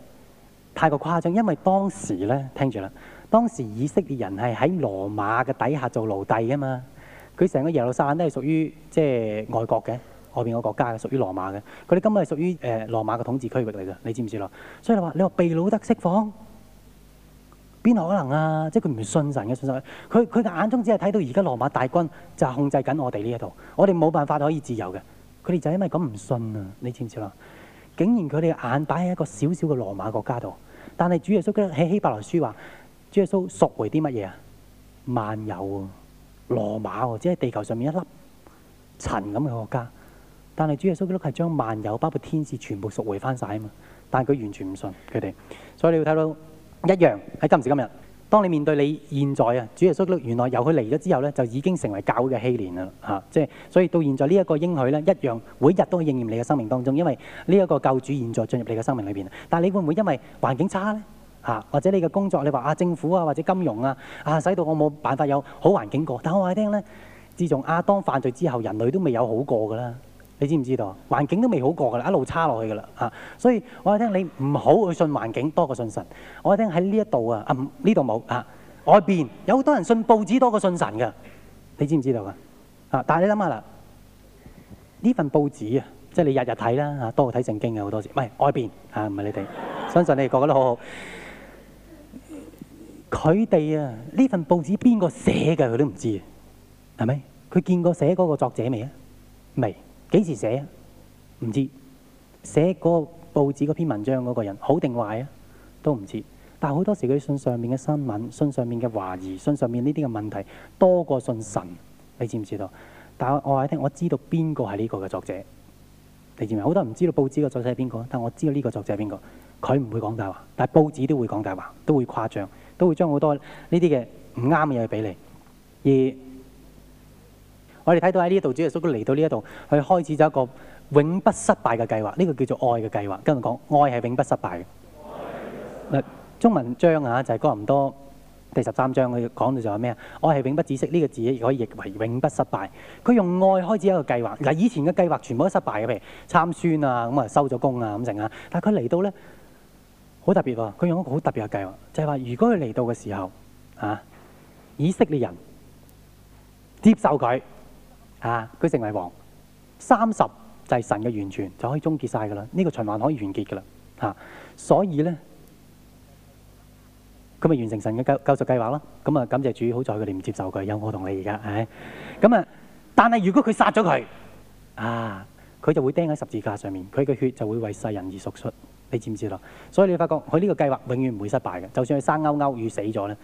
太過誇張，因為當時咧聽住啦，當時以色列人係喺羅馬嘅底下做奴隸啊嘛，佢成個耶路撒冷都係屬於即係外國嘅。外邊個國家嘅，屬於羅馬嘅，佢哋根本係屬於誒、呃、羅馬嘅統治區域嚟嘅，你知唔知啦？所以說你話你話秘魯德釋放，邊可能啊？即係佢唔信神嘅，信神佢，佢嘅眼中只係睇到而家羅馬大軍就係控制緊我哋呢一度，我哋冇辦法可以自由嘅，佢哋就係因為咁唔信啊！你知唔知啦？竟然佢哋眼擺喺一個小小嘅羅馬國家度，但係主耶穌喺希伯來書話，主耶穌贖回啲乜嘢啊？萬有羅馬喎，即係地球上面一粒塵咁嘅國家。但係，主耶穌基督係將萬有包括天使全部贖回翻晒啊嘛！但係佢完全唔信佢哋，所以你要睇到一樣喺今時今日，當你面對你現在啊，主耶穌基督原來由佢嚟咗之後咧，就已經成為教會嘅禧年啦嚇，即、啊、係所以到現在呢一個應許咧，一樣每日都應驗你嘅生命當中，因為呢一個救主現在進入你嘅生命裏邊。但係你會唔會因為環境差咧嚇、啊，或者你嘅工作，你話啊政府啊或者金融啊啊，使到我冇辦法有好環境過？但我話你聽咧，自從亞當犯罪之後，人類都未有好過㗎啦。你知唔知道環境都未好過噶啦，一路差落去噶啦啊！所以我話聽你唔好去信環境多過信神。我話聽喺呢一度啊，呢度冇啊外邊有好多人信報紙多過信神噶。你知唔知道啊？啊！但係你諗下啦，呢份報紙啊，即係你日日睇啦吓，多過睇聖經嘅好多時。唔係外邊吓，唔，啊，唔係你哋， 相信你哋覺得好好。佢哋啊，呢份報紙邊個寫嘅，佢都唔知，係咪？佢見過寫嗰個作者未啊？未。幾時寫？唔知寫嗰個報紙嗰篇文章嗰個人好定壞啊？都唔知。但係好多時佢信上面嘅新聞、信上面嘅懷疑、信上面呢啲嘅問題多過信神。你知唔知道？但係我話你聽，我知道邊個係呢個嘅作者。你知唔知？好多人唔知道報紙嘅作者係邊個，但係我知道呢個作者係邊個。佢唔會講大話，但係報紙都會講大話，都會誇張，都會將好多呢啲嘅唔啱嘅嘢俾你。而我哋睇到喺呢一度，主耶穌佢嚟到呢一度，佢開始咗一個永不失敗嘅計劃。呢、這個叫做愛嘅計劃。跟住講，愛係永不失敗嘅。嗱，中文章啊，就係講唔多。第十三章佢講到就係咩啊？愛係永不止息。呢、這個字亦可以譯為永不失敗，佢用愛開始一個計劃。嗱，以前嘅計劃全部都失敗嘅，譬如參孫啊，咁啊收咗工啊，咁剩啊。但係佢嚟到咧，好特別喎。佢用一個好特別嘅計劃，就係、是、話如果佢嚟到嘅時候啊，以色列人接受佢。啊！佢成為王，三十就係神嘅完全，就可以終結晒噶啦。呢、這個循環可以完結噶啦。嚇、啊！所以咧，佢咪完成神嘅救救贖計劃啦。咁啊，感謝主，好在佢哋唔接受佢，有我同你而家，係咪？咁啊，但係如果佢殺咗佢，啊，佢就會釘喺十字架上面，佢嘅血就會為世人而贖出。你知唔知咯？所以你發覺佢呢個計劃永遠唔會失敗嘅，就算佢生勾勾與死咗咧。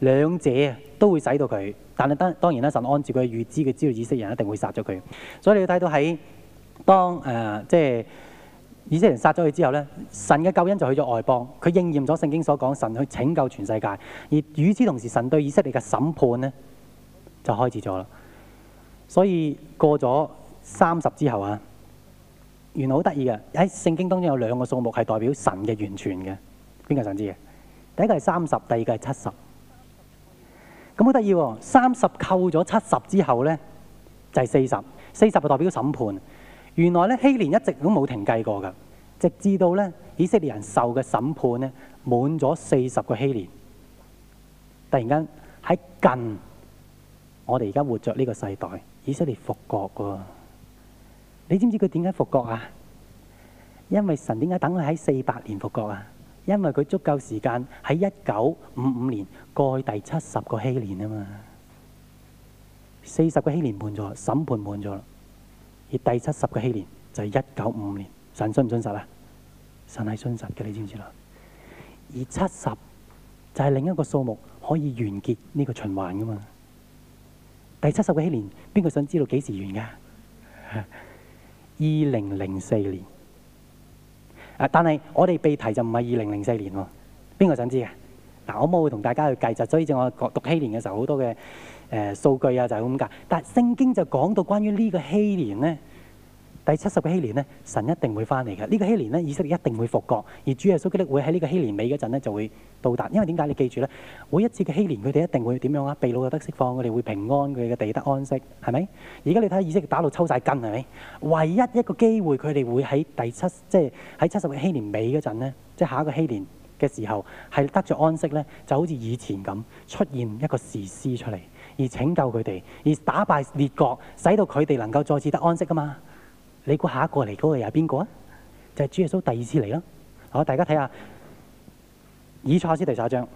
兩者都會使到佢。但係，當當然啦，神按照佢預知嘅知道，以色列人一定會殺咗佢。所以你要睇到喺當誒、呃、即係以色列人殺咗佢之後咧，神嘅救恩就去咗外邦，佢應驗咗聖經所講神去拯救全世界。而與此同時，神對以色列嘅審判咧就開始咗啦。所以過咗三十之後啊，原來好得意㗎喺聖經當中，有兩個數目係代表神嘅完全嘅。邊個神知嘅？第一個係三十，第二個係七十。咁好得意喎！三十扣咗七十之後咧，就係四十。四十就代表審判。原來咧，禧年一直都冇停計過噶，直至到咧以色列人受嘅審判咧滿咗四十個禧年。突然間喺近，我哋而家活着呢個世代，以色列復國喎。你知唔知佢點解復國啊？因為神點解等佢喺四百年復國啊？因為佢足夠時間喺一九五五年過去第七十個禧年啊嘛，四十個禧年判咗，審判判咗。而第七十個禧年就係一九五五年，神信唔信實啊？神係信實嘅，你知唔知啦？而七十就係另一個數目可以完結呢個循環噶嘛。第七十個禧年，邊個想知道幾時完㗎？二零零四年。但係我哋被提就唔係二零零四年喎，邊個想知嘅？我我冇同大家去計，就所以正我讀禧年嘅時候，好多嘅誒數據啊，就係咁㗎。但聖經就講到關於呢個禧年呢。第七十個禧年咧，神一定會翻嚟嘅。呢個禧年咧，以色列一定會復國，而主耶穌基督會喺呢個禧年尾嗰陣咧就會到達。因為點解你記住咧？每一次嘅禧年，佢哋一定會點樣啊？被擄有得釋放，佢哋會平安，佢哋嘅地得安息，係咪？而家你睇以色列打到抽晒筋，係咪？唯一一個機會，佢哋會喺第七即係喺七十個禧年尾嗰陣咧，即係下一個禧年嘅時候係得着安息咧，就好似以前咁出現一個士師出嚟而拯救佢哋，而打敗列國，使到佢哋能夠再次得安息㗎嘛。你估下一個嚟嗰個又係邊個？就係主耶穌第二次嚟咯。好，大家睇下，以賽亞書第十一章。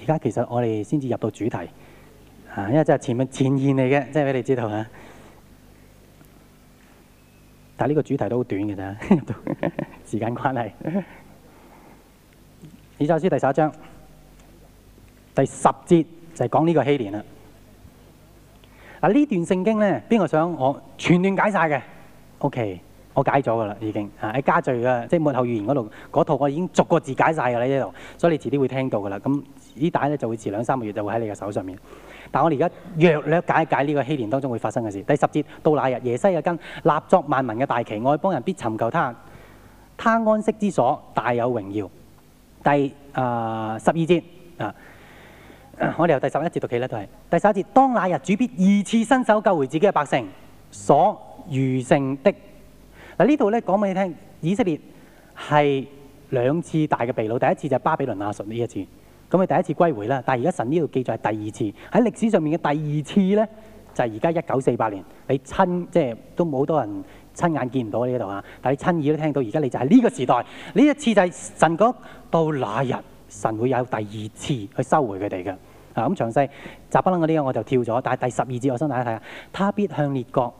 而家其實我哋先至入到主題，啊，因為就係前面前言嚟嘅，即係俾你知道啊。但係呢個主題都好短嘅咋，時間關係。以賽亞書第十一章第十節就係講呢個禧年啦。嗱呢段聖經咧，邊個想我全段解晒嘅？O.K. 我解咗噶啦，已經喺家聚嘅，即末後預言嗰度嗰套我已經逐個字解晒噶啦呢度，所以你遲啲會聽到噶啦。咁呢帶咧就會遲兩三個月就會喺你嘅手上面。但我哋而家略略解一解呢個禧年當中會發生嘅事。第十節，到那日耶西嘅根立作萬民嘅大旗，我外邦人必尋求他，他安息之所大有榮耀。第啊、呃、十二節啊。我哋由第十一節讀起啦，都係第十一節。當那日主必二次伸手救回自己嘅百姓所餘剩的。嗱呢度咧講俾你聽，以色列係兩次大嘅被擄，第一次就係巴比倫亞述呢一次。咁佢第一次歸回啦，但係而家神呢度記載係第二次喺歷史上面嘅第二次咧，就係而家一九四八年。你親即係都冇好多人親眼見唔到呢度啊。但係你親耳都聽到。而家你就係呢個時代，呢一次就係神講到那日，神會有第二次去收回佢哋嘅啊！咁詳細，集不楞嗰啲我就跳咗。但係第十二節，我想大家睇下，他必向列國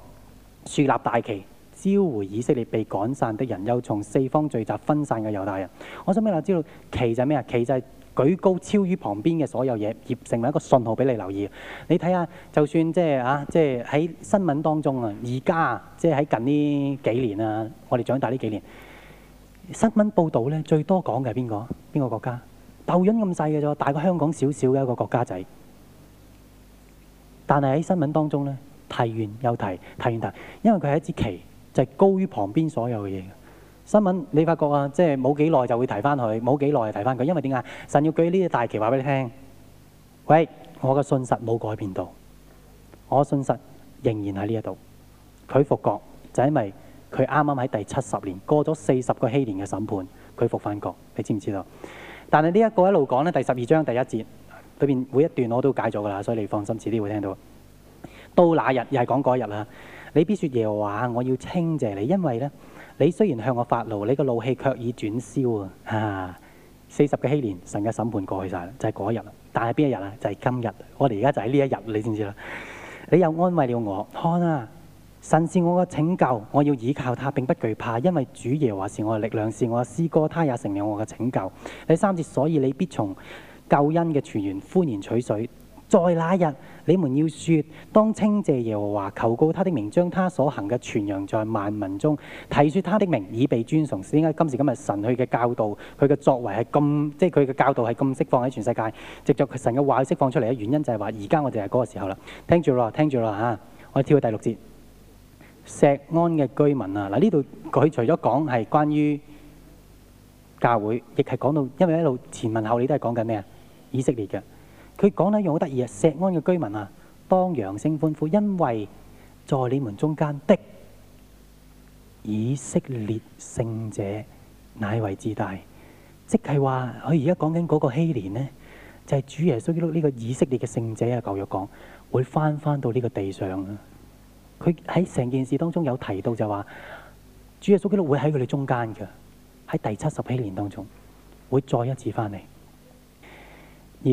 樹立大旗，召回以色列被趕散的人，又從四方聚集分散嘅猶太人。我想俾大家知道旗就係咩啊？旗就係舉高超於旁邊嘅所有嘢，而成為一個信號俾你留意。你睇下，就算即係啊，即係喺新聞當中啊，而家即係喺近呢幾年啊，我哋長大呢幾年新聞報導咧，最多講嘅係邊個？邊個國家？豆印咁細嘅啫，大過香港少少嘅一個國家仔。但係喺新聞當中呢，提完又提，提完提，因為佢係一支旗，就係高於旁邊所有嘅嘢新聞。你發覺啊，即係冇幾耐就會提翻佢，冇幾耐就提翻佢，因為點解神要舉呢隻大旗話俾你聽？喂，我嘅信實冇改變到，我信實仍然喺呢一度。佢復國就係因為佢啱啱喺第七十年過咗四十個禧年嘅審判，佢復翻國。你知唔知道？但係呢一個一路講咧，第十二章第一節裏邊每一段我都解咗噶啦，所以你放心，遲啲會聽到。到那日又係講嗰日啦，你必説耶和華，我要稱謝你，因為咧，你雖然向我發怒，你個怒氣卻已轉消啊！四十嘅禧年，神嘅審判過去晒曬，就係、是、嗰一日。但係邊一日啊？就係、是、今日。我哋而家就喺呢一日，你知唔知啦？你又安慰了我，看啊！神是我嘅拯救，我要倚靠祂，並不懼怕，因為主耶和華是我嘅力量，是我嘅詩歌，他也成了我嘅拯救。第三節，所以你必從救恩嘅泉源歡然取水。在那一日，你們要説：當稱謝耶和華，求告他的名，將他所行嘅傳揚在萬民中，提説他的名，以被尊崇。點解今時今日神佢嘅教導，佢嘅作為係咁，即係佢嘅教導係咁釋放喺全世界，藉著神嘅話去釋放出嚟咧？原因就係話，而家我哋係嗰個時候啦。聽住啦，聽住啦嚇，我哋跳去第六節。錫安嘅居民啊，嗱呢度佢除咗講係關於教會，亦係講到，因為一路前文後理都係講緊咩啊？以色列嘅，佢講得一樣，好得意啊！錫安嘅居民啊，當揚聲歡呼，因為在你們中間的以色列聖者乃為至大，即係話佢而家講緊嗰個禧年咧，就係、是、主耶穌基督呢個以色列嘅聖者啊！舊約講會翻翻到呢個地上啊！佢喺成件事當中有提到就話，主耶穌基督會喺佢哋中間嘅，喺第七十禧年當中會再一次翻嚟，而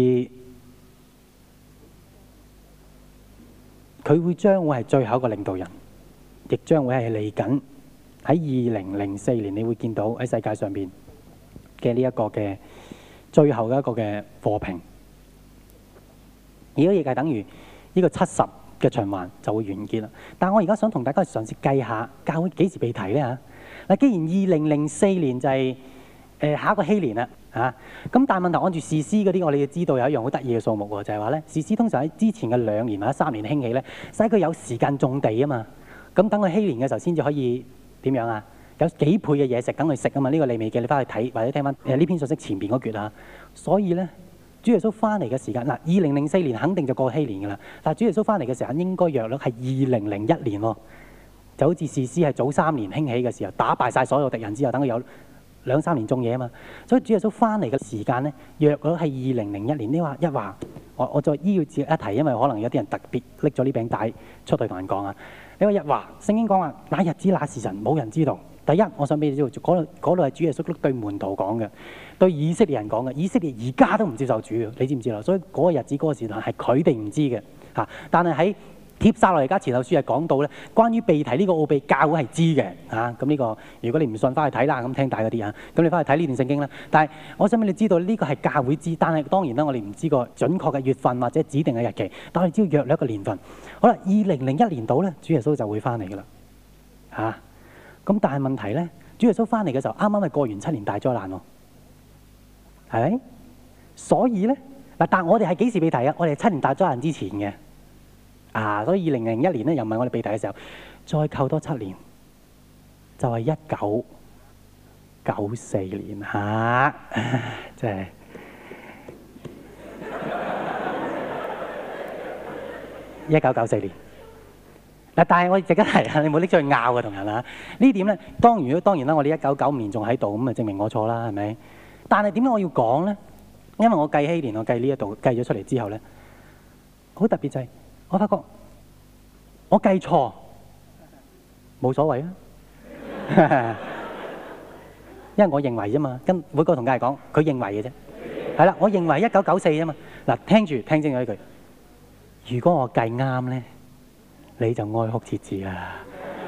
佢會將會係最後一個領導人，亦將會係嚟緊喺二零零四年，你會見到喺世界上邊嘅呢一個嘅最後嘅一個嘅貨幣，而家亦係等於呢個七十。嘅循環就會完結啦。但係我而家想同大家去嘗試計下，教會幾時被提咧嚇？嗱，既然二零零四年就係、是、誒、呃、下一個禧年啦，嚇、啊、咁，但係問題按住史詩嗰啲，我哋要知道有一樣好得意嘅數目喎，就係話咧，史詩通常喺之前嘅兩年或者三年興起咧，使佢有時間種地啊嘛。咁等佢禧年嘅時候先至可以點樣啊？有幾倍嘅嘢食，等佢食啊嘛。呢、這個利未記你翻去睇或者聽翻誒呢篇信息前邊嗰句啊。所以咧。主耶穌翻嚟嘅時間嗱，二零零四年肯定就過禧年噶啦。但係主耶穌翻嚟嘅時間應該約率係二零零一年喎，就好似士師係早三年興起嘅時候，打敗晒所有敵人之後，等佢有兩三年種嘢啊嘛。所以主耶穌翻嚟嘅時間咧，約率係二零零一年。呢話一話，我我再依個字一提，因為可能有啲人特別拎咗呢餅帶出去同人講啊。因為一話聖經講話，那日子那時辰，冇人知道。第一，我想俾你知道，嗰度係主耶穌對門徒講嘅。對以色列人講嘅，以色列而家都唔接受主嘅，你知唔知啦？所以嗰個日子、嗰、那個時代係佢哋唔知嘅嚇、啊。但係喺帖撒羅尼迦前後書係講到咧，關於被提呢個奧秘，教會係知嘅嚇。咁、啊、呢、這個如果你唔信，翻去睇啦，咁聽大嗰啲啊，咁你翻去睇呢段聖經啦。但係我想畀你知道呢、這個係教會知，但係當然啦，我哋唔知個準確嘅月份或者指定嘅日期，但係只要約略一個年份。好啦，二零零一年度咧，主耶穌就會翻嚟嘅啦嚇。咁、啊、但係問題咧，主耶穌翻嚟嘅時候，啱啱係過完七年大災難喎。係咪？所以咧嗱，但我哋係幾時被提嘅？我哋係七年大災難之前嘅啊，所以二零零一年咧又唔係我哋被提嘅時候，再扣多七年就係一九九四年吓，即係一九九四年。嗱、啊，但係我哋而家睇下，下你冇拎出去拗嘅、啊，同人啦、啊。點呢點咧，當然當然啦，我哋一九九五年仲喺度，咁啊證明我錯啦，係咪？但係點解我要講咧？因為我計禧年，我計呢一度計咗出嚟之後咧，好特別就係我發覺我計錯冇所謂啊，因為我認為啫嘛，跟每個同家講，佢認為嘅啫。係啦，我認為一九九四啫嘛。嗱，聽住聽清楚呢句。如果我計啱咧，你就哀哭切齒啦。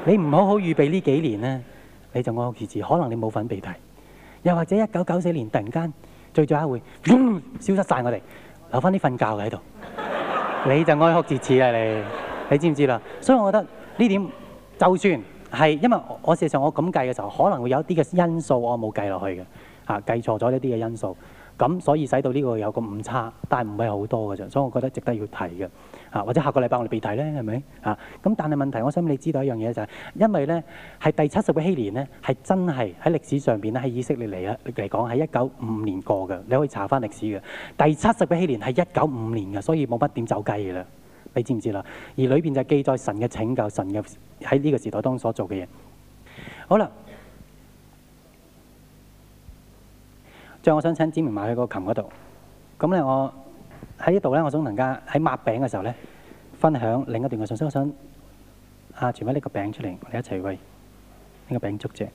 你唔好好預備呢幾年咧，你就哀哭切齒，可能你冇份被提。又或者一九九四年突然間最早一會，消失晒，我哋，留翻啲瞓覺嘅喺度，你就哀哭切齒呀。你，你知唔知啦？所以，我覺得呢點就算係，因為我事實上我咁計嘅時候，可能會有一啲嘅因素我冇計落去嘅，啊，計錯咗呢啲嘅因素，咁所以使到呢個有個誤差，但係唔係好多嘅啫，所以我覺得值得要提嘅。或者下個禮拜我哋備睇咧，係咪？啊，咁但係問題，我想你知道一樣嘢就係、是，因為咧係第七十個禧年咧，係真係喺歷史上邊咧，喺以色列嚟啊嚟講係一九五五年過嘅，你可以查翻歷史嘅。第七十個禧年係一九五年嘅，所以冇乜點走雞嘅啦。你知唔知啦？而裏邊就係記載神嘅拯救，神嘅喺呢個時代當中所做嘅嘢。好啦，最後我想請子明埋去個琴嗰度，咁咧我。喺呢度咧，我想同大家喺擘餅嘅時候咧，分享另一段嘅信息。我想啊，全翻呢個餅出嚟，我哋一齊為呢個餅祝謝。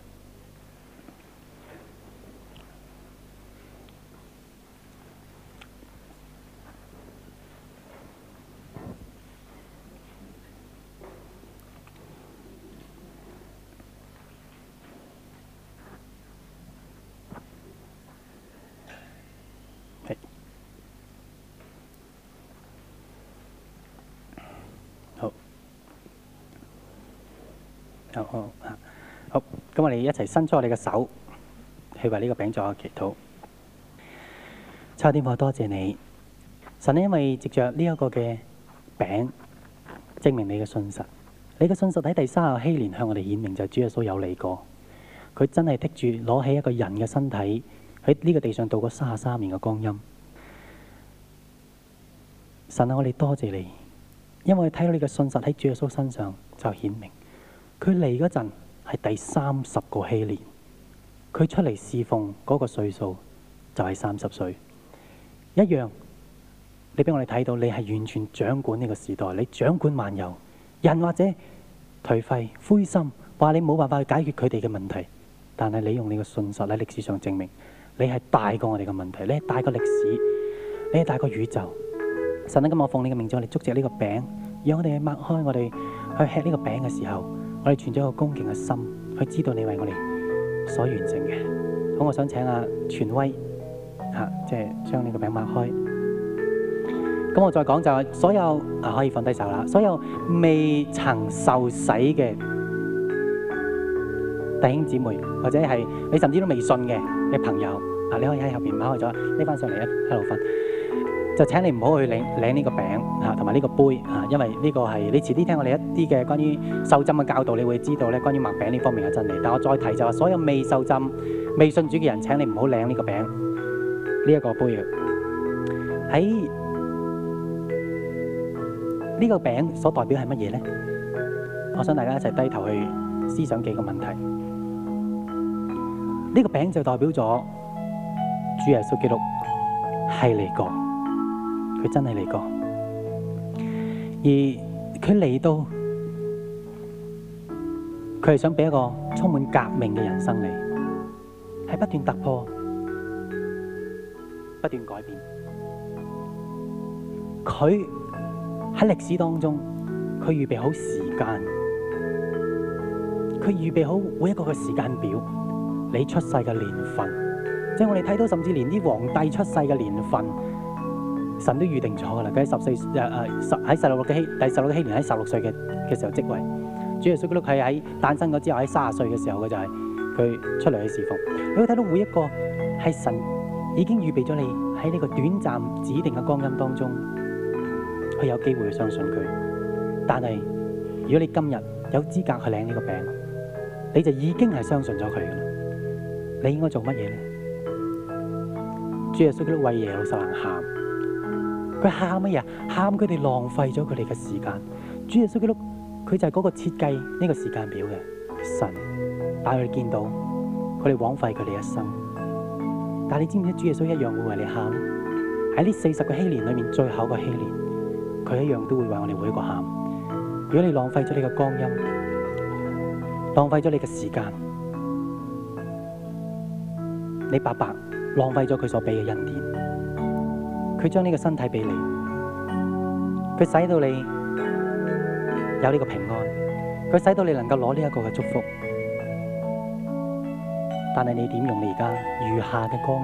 咁我哋一齊伸出我哋嘅手，去為呢個餅做下祈禱。差啲，我多謝你神咧，因為藉着呢一個嘅餅，證明你嘅信實。你嘅信實喺第三十七年向我哋顯明，就係主耶穌有嚟過。佢真係剔住攞起一個人嘅身體喺呢個地上度過三十三年嘅光陰。神啊，我哋多謝你，因為睇到你嘅信實喺主耶穌身上就顯明，佢嚟嗰陣係第三十個禧年，佢出嚟侍奉嗰個歲數就係三十歲，一樣。你俾我哋睇到，你係完全掌管呢個時代，你掌管萬有。人或者頹廢、灰心，話你冇辦法去解決佢哋嘅問題，但係你用你嘅信實喺歷史上證明，你係大過我哋嘅問題，你係大過歷史，你係大過宇宙。神啊，咁我奉你嘅名字，我哋捉住呢個餅，讓我哋去擘開，我哋去吃呢個餅嘅時候。我哋存咗一個恭敬嘅心，去知道你為我哋所完成嘅。咁我想請阿、啊、權威吓，即係將呢個餅擘開。咁我再講就係，所有啊可以放低手啦，所有未曾受洗嘅弟兄姊妹，或者係你甚至都未信嘅嘅朋友，啊，你可以喺後面在邊擘開咗，拎翻上嚟，一一路瞓。就請你唔好去領領呢個餅啊，同埋呢個杯啊，因為呢個係你遲啲聽我哋一啲嘅關於受浸嘅教導，你會知道咧關於擘餅呢方面嘅真理。但我再提就話、係，所有未受浸、未信主嘅人，請你唔好領呢個餅、呢、這、一個杯喺呢、啊哎呢個餅所代表係乜嘢咧？我想大家一齊低頭去思想幾個問題。呢、呢個餅就代表咗主耶穌基督係嚟過。佢真係嚟過，而佢嚟到，佢係想俾一個充滿革命嘅人生嚟，係不斷突破、不斷改變。佢喺歷史當中，佢預備好時間，佢預備好每一個嘅時間表，你出世嘅年份，即係我哋睇到，甚至連啲皇帝出世嘅年份。神都預定咗噶啦，佢喺十四誒誒十喺十六嘅希第十六嘅希年喺十六歲嘅嘅時候即位，主耶穌基督係喺誕生咗之後喺卅歲嘅時候佢就係、是、佢出嚟去侍奉。你會睇到每一個係神已經預備咗，你喺呢個短暫指定嘅光陰當中，佢有機會去相信佢。但係如果你今日有資格去領呢個餅，你就已經係相信咗佢啦。你應該做乜嘢咧？主耶穌基督為耶路撒冷喊。佢喊乜嘢？喊佢哋浪費咗佢哋嘅時間。主耶穌基督，佢就係嗰個設計呢個時間表嘅神，帶佢哋見到佢哋枉費佢哋一生。但係你知唔知道主耶穌一樣會為你喊？喺呢四十個禧年裏面最後嘅禧年，佢一樣都會為我哋每一個喊。如果你浪費咗你嘅光陰，浪費咗你嘅時間，你白白浪費咗佢所俾嘅恩典。佢將呢個身體俾你，佢使到你有呢個平安，佢使到你能夠攞呢一個嘅祝福，但係你點用你而家餘下嘅光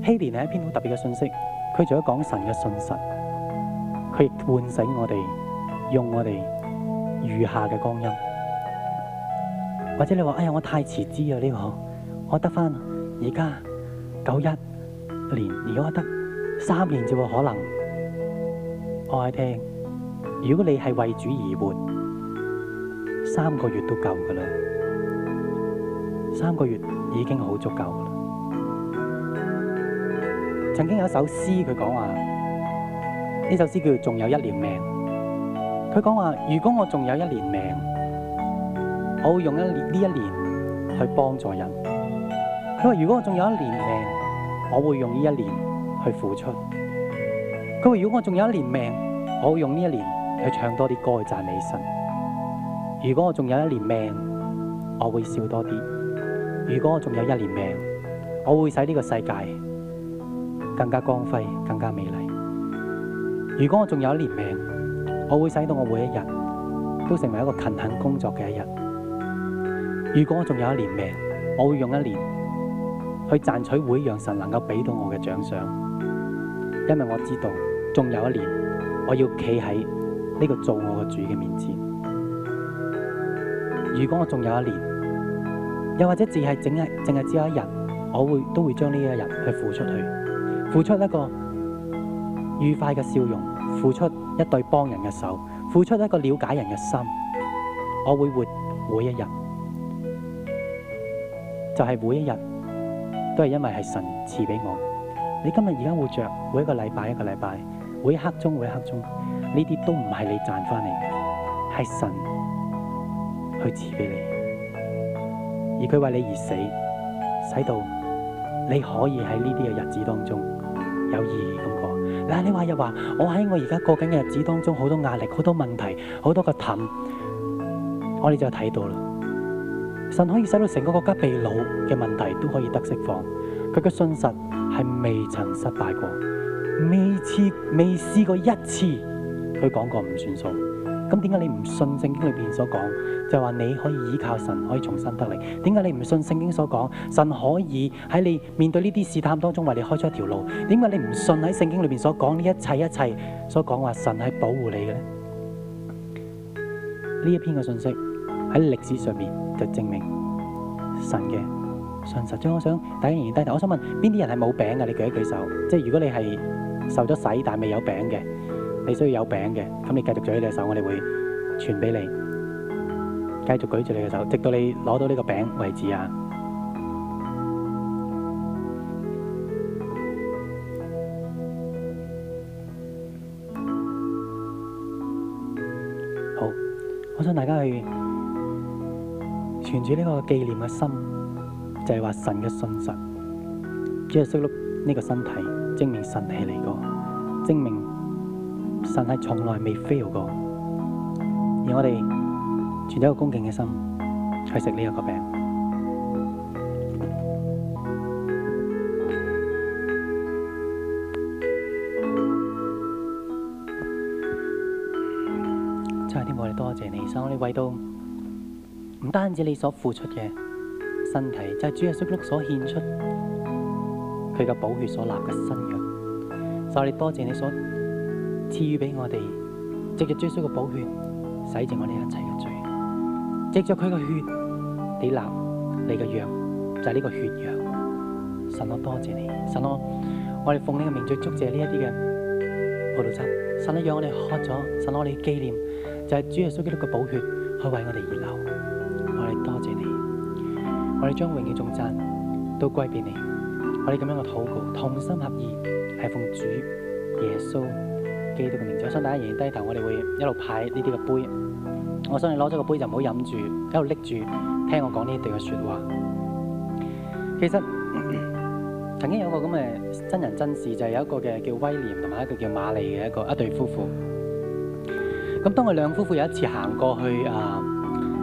陰？禧年係一篇好特別嘅信息，佢除咗講神嘅信實，佢亦喚醒我哋用我哋餘下嘅光陰。或者你話，哎呀，我太遲知啊，呢個，我得返而家。九一年，如果我得三年就會可能我係聽。如果你係為主而活，三個月都夠噶啦，三個月已經好足夠啦。曾經有一首詩，佢講話呢首詩叫做《仲有一年命》。佢講話，如果我仲有一年命，我會用一年呢一年去幫助人。佢話，如果我仲有一年命。我會用呢一年去付出。佢話，如果我仲有一年命，我會用呢一年去唱多啲歌去讚美神。如果我仲有一年命，我會笑多啲。如果我仲有一年命，我會使呢個世界更加光輝、更加美麗。如果我仲有一年命，我會使到我每一日都成為一個勤懇工作嘅一日。如果我仲有一年命，我，我會用一年。去賺取會，讓神能夠俾到我嘅獎賞，因為我知道仲有一年，我要企喺呢個做我嘅主嘅面前。如果我仲有一年，又或者只係淨係淨係只有一日，我會都會將呢一日去付出去，付出一個愉快嘅笑容，付出一對幫人嘅手，付出一個了解人嘅心。我會活每一日，就係每一日。都係因為係神賜俾我，你今日而家活着，每一個禮拜一個禮拜，每一刻鐘每一刻鐘，呢啲都唔係你賺翻嚟嘅，係神去賜俾你，而佢為你而死，使到你可以喺呢啲嘅日子當中有意義咁過。嗱、啊，你話又話，我喺我而家過緊嘅日子當中，好多壓力，好多問題，好多個氹，我哋就睇到啦。神可以使到成個國家被擄嘅問題都可以得釋放，佢嘅信實係未曾失敗過，未試未試過一次佢講過唔算數。咁點解你唔信聖經裏邊所講？就係話你可以依靠神，可以重新得力。點解你唔信聖經所講？神可以喺你面對呢啲試探當中為你開出一條路。點解你唔信喺聖經裏邊所講呢一切一切所講話神係保護你嘅呢？呢一篇嘅信息。喺歷史上面就證明神嘅信實。即我想大家仍然低頭，我想問邊啲人係冇餅嘅？你舉一舉手。即係如果你係受咗洗但係未有餅嘅，你需要有餅嘅，咁你繼續舉起你隻手，我哋會傳俾你，繼續舉住你嘅手，直到你攞到呢個餅為止啊！好，我想大家去。存住呢個紀念嘅心，就係、是、話神嘅信實，只係識到呢個身體證明神係嚟過，證明神係從來未 fail 過。而我哋存咗一個恭敬嘅心去食呢一個病，真係天父，你多謝你，我呢位都。唔單止你所付出嘅身體，就係、是、主耶穌基督所獻出佢嘅寶血所立嘅新約。所以我哋多謝你所賜予俾我哋藉着主耶穌嘅寶血洗淨我哋一切嘅罪，藉着佢嘅血你立你嘅約，就係、是、呢個血約。神啊，多謝你，神啊，我哋奉你嘅名祝祝，最祝謝呢一啲嘅葡萄汁真神啊，讓我哋喝咗神啊，我哋嘅紀念就係、是、主耶穌基督嘅寶血去為我哋而流。我哋將榮耀頌讚都歸俾你。我哋咁樣嘅禱告，同心合意，係奉主耶穌基督嘅名字。我想大家伸低個手，低頭。我哋會一路派呢啲嘅杯。我想你攞咗個杯就唔好飲住，一路拎住，聽我講呢一段嘅說話。其實曾經有個咁嘅真人真事，就係、是、有一個嘅叫威廉同埋一個叫瑪麗嘅一個一對夫婦。咁當佢兩夫婦有一次行過去啊，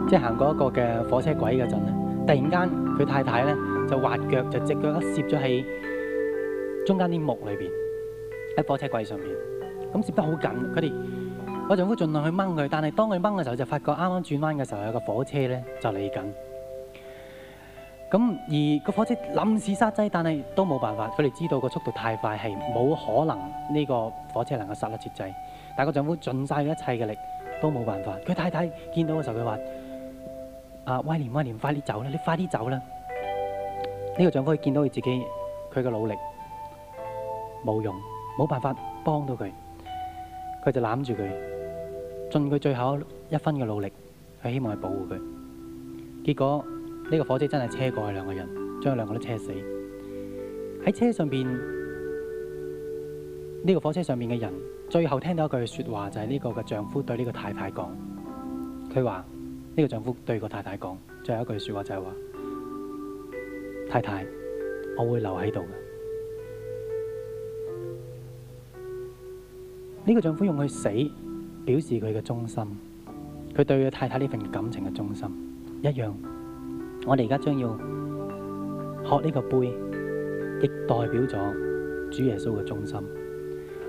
即係行過一個嘅火車軌嗰陣咧。突然間，佢太太咧就滑腳，就隻腳一攝咗喺中間啲木裏邊，喺火車軌上邊。咁攝得好緊，佢哋我丈夫盡量去掹佢，但係當佢掹嘅時候，就發覺啱啱轉彎嘅時候有個火車咧就嚟緊。咁而個火車臨時剎掣，但係都冇辦法。佢哋知道個速度太快，係冇可能呢個火車能夠剎得切掣。但係個丈夫盡晒一切嘅力都冇辦法。佢太太見到嘅時候，佢話。啊！威廉，威廉，快啲走啦！你快啲走啦！呢個丈夫見到佢自己佢嘅努力冇用，冇辦法幫到佢，佢就攬住佢，盡佢最後一分嘅努力，佢希望去保護佢。結果呢個火車真係車過去兩個人，將兩個都車死喺車上邊。呢個火車上面嘅人最後聽到一句説話，就係呢個嘅丈夫對呢個太太講，佢話。呢個丈夫對個太太講，最後一句説話就係話：太太，我會留喺度嘅。呢個丈夫用去死表示佢嘅忠心，佢對個太太呢份感情嘅忠心一樣。我哋而家將要喝呢個杯，亦代表咗主耶穌嘅忠心，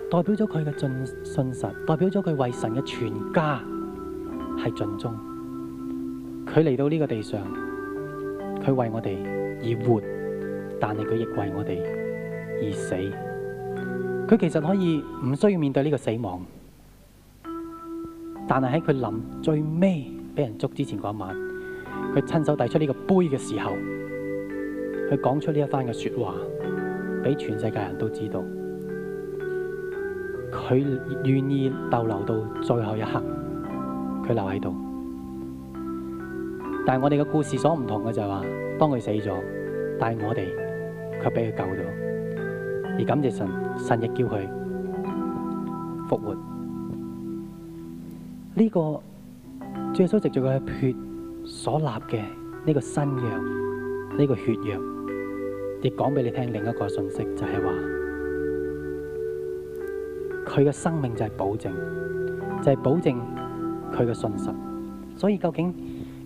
代表咗佢嘅信實，代表咗佢為神嘅全家係盡忠。佢嚟到呢個地上，佢為我哋而活，但係佢亦為我哋而死。佢其實可以唔需要面對呢個死亡，但係喺佢臨最尾俾人捉之前嗰一晚，佢親手遞出呢個杯嘅時候，佢講出呢一番嘅說話，俾全世界人都知道，佢願意逗留到最後一刻，佢留喺度。但係我哋嘅故事所唔同嘅就係話，當佢死咗，但係我哋卻俾佢救咗。而感謝神，神亦叫佢復活。呢、這個耶穌藉著佢血所立嘅呢個新約，呢、這個血約，亦講俾你聽另一個信息，就係話佢嘅生命就係保證，就係、是、保證佢嘅信實。所以究竟？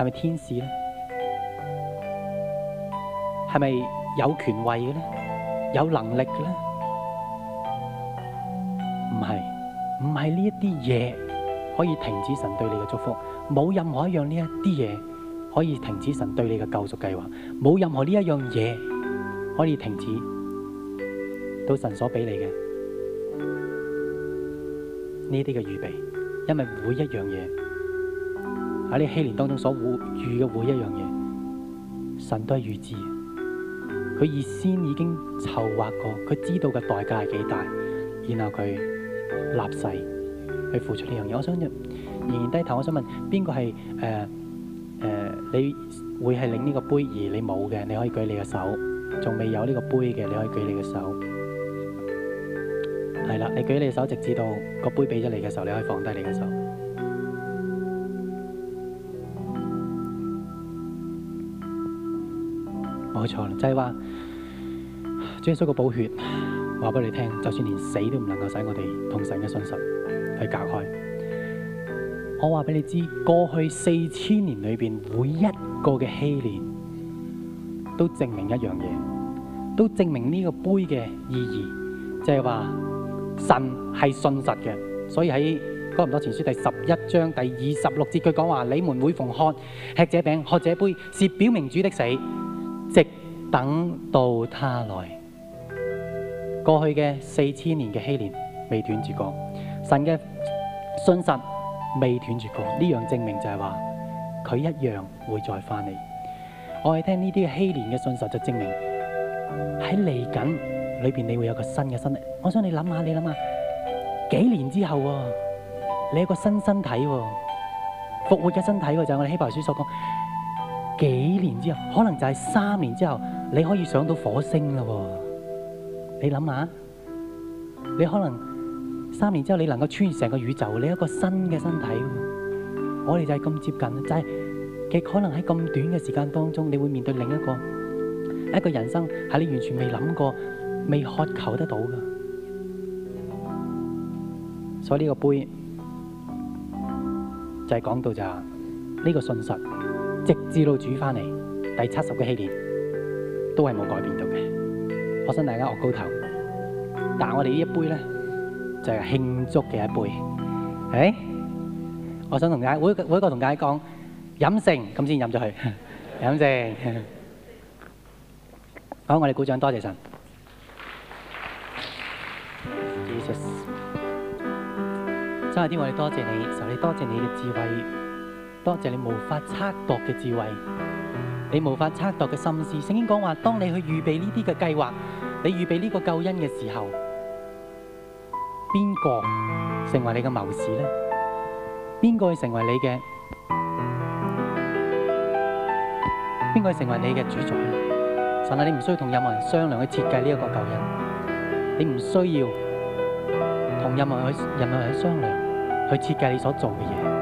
係咪天使咧？係咪有權位嘅咧？有能力嘅咧？唔係，唔係呢一啲嘢可以停止神對你嘅祝福。冇任何一樣呢一啲嘢可以停止神對你嘅救贖計劃。冇任何呢一樣嘢可以停止到神所俾你嘅呢啲嘅預備，因為每一樣嘢。喺呢禧年當中所遇嘅每一樣嘢，神都係預知，佢事先已經籌劃過，佢知道嘅代價係幾大，然後佢立誓去付出呢樣嘢。我想，人人低頭，我想問邊個係誒誒？你會係領呢個杯而你冇嘅，你可以舉你嘅手；仲未有呢個杯嘅，你可以舉你嘅手。係啦，你舉你嘅手直至到個杯俾咗你嘅時候，你可以放低你嘅手。冇錯啦，就係、是、話主耶穌個寶血話俾你聽，就算連死都唔能夠使我哋同神嘅信實去隔開。我話俾你知，過去四千年裏邊每一個嘅禧年都證明一樣嘢，都證明呢個杯嘅意義，即係話神係信實嘅。所以喺《哥林多前書》第十一章第二十六節，佢講話：你們每逢看吃這餅，喝這杯，是表明主的死。直等到他來，過去嘅四千年嘅禧年未斷絕過，神嘅信實未斷絕過。呢樣證明就係話佢一樣會再翻嚟。我哋聽呢啲嘅禧年嘅信實就證明喺嚟緊裏邊，你會有個新嘅身體。我想你諗下，你諗下幾年之後喎，你有個新身體復活嘅身體，就係我哋希伯來書所講。幾年之後，可能就係三年之後，你可以上到火星啦喎！你諗下，你可能三年之後，你能夠穿越成個宇宙，你一個新嘅身體。我哋就係咁接近，就係極可能喺咁短嘅時間當中，你會面對另一個一個人生，係你完全未諗過、未渴求得到噶。所以呢個杯就係講到就呢個信實。直至到煮翻嚟第七十個禧年，都係冇改變到嘅。我想大家樂高頭，但係我哋呢一杯咧，就係慶祝嘅一杯。誒，我想同大家每一，每一個同大家講飲勝，咁先飲咗佢，飲勝。好，我哋鼓掌，多謝神。Jesus，真係天，我哋多謝你，求你多謝你嘅智慧。多謝你無法測度嘅智慧，你無法測度嘅心思。聖經講話，當你去預備呢啲嘅計劃，你預備呢個救恩嘅時候，邊個成為你嘅謀士呢？邊個去成為你嘅？邊個成為你嘅主宰？神啊，你唔需要同任何人商量去設計呢一個救恩，你唔需要同任何人、任何人商量去設計你所做嘅嘢。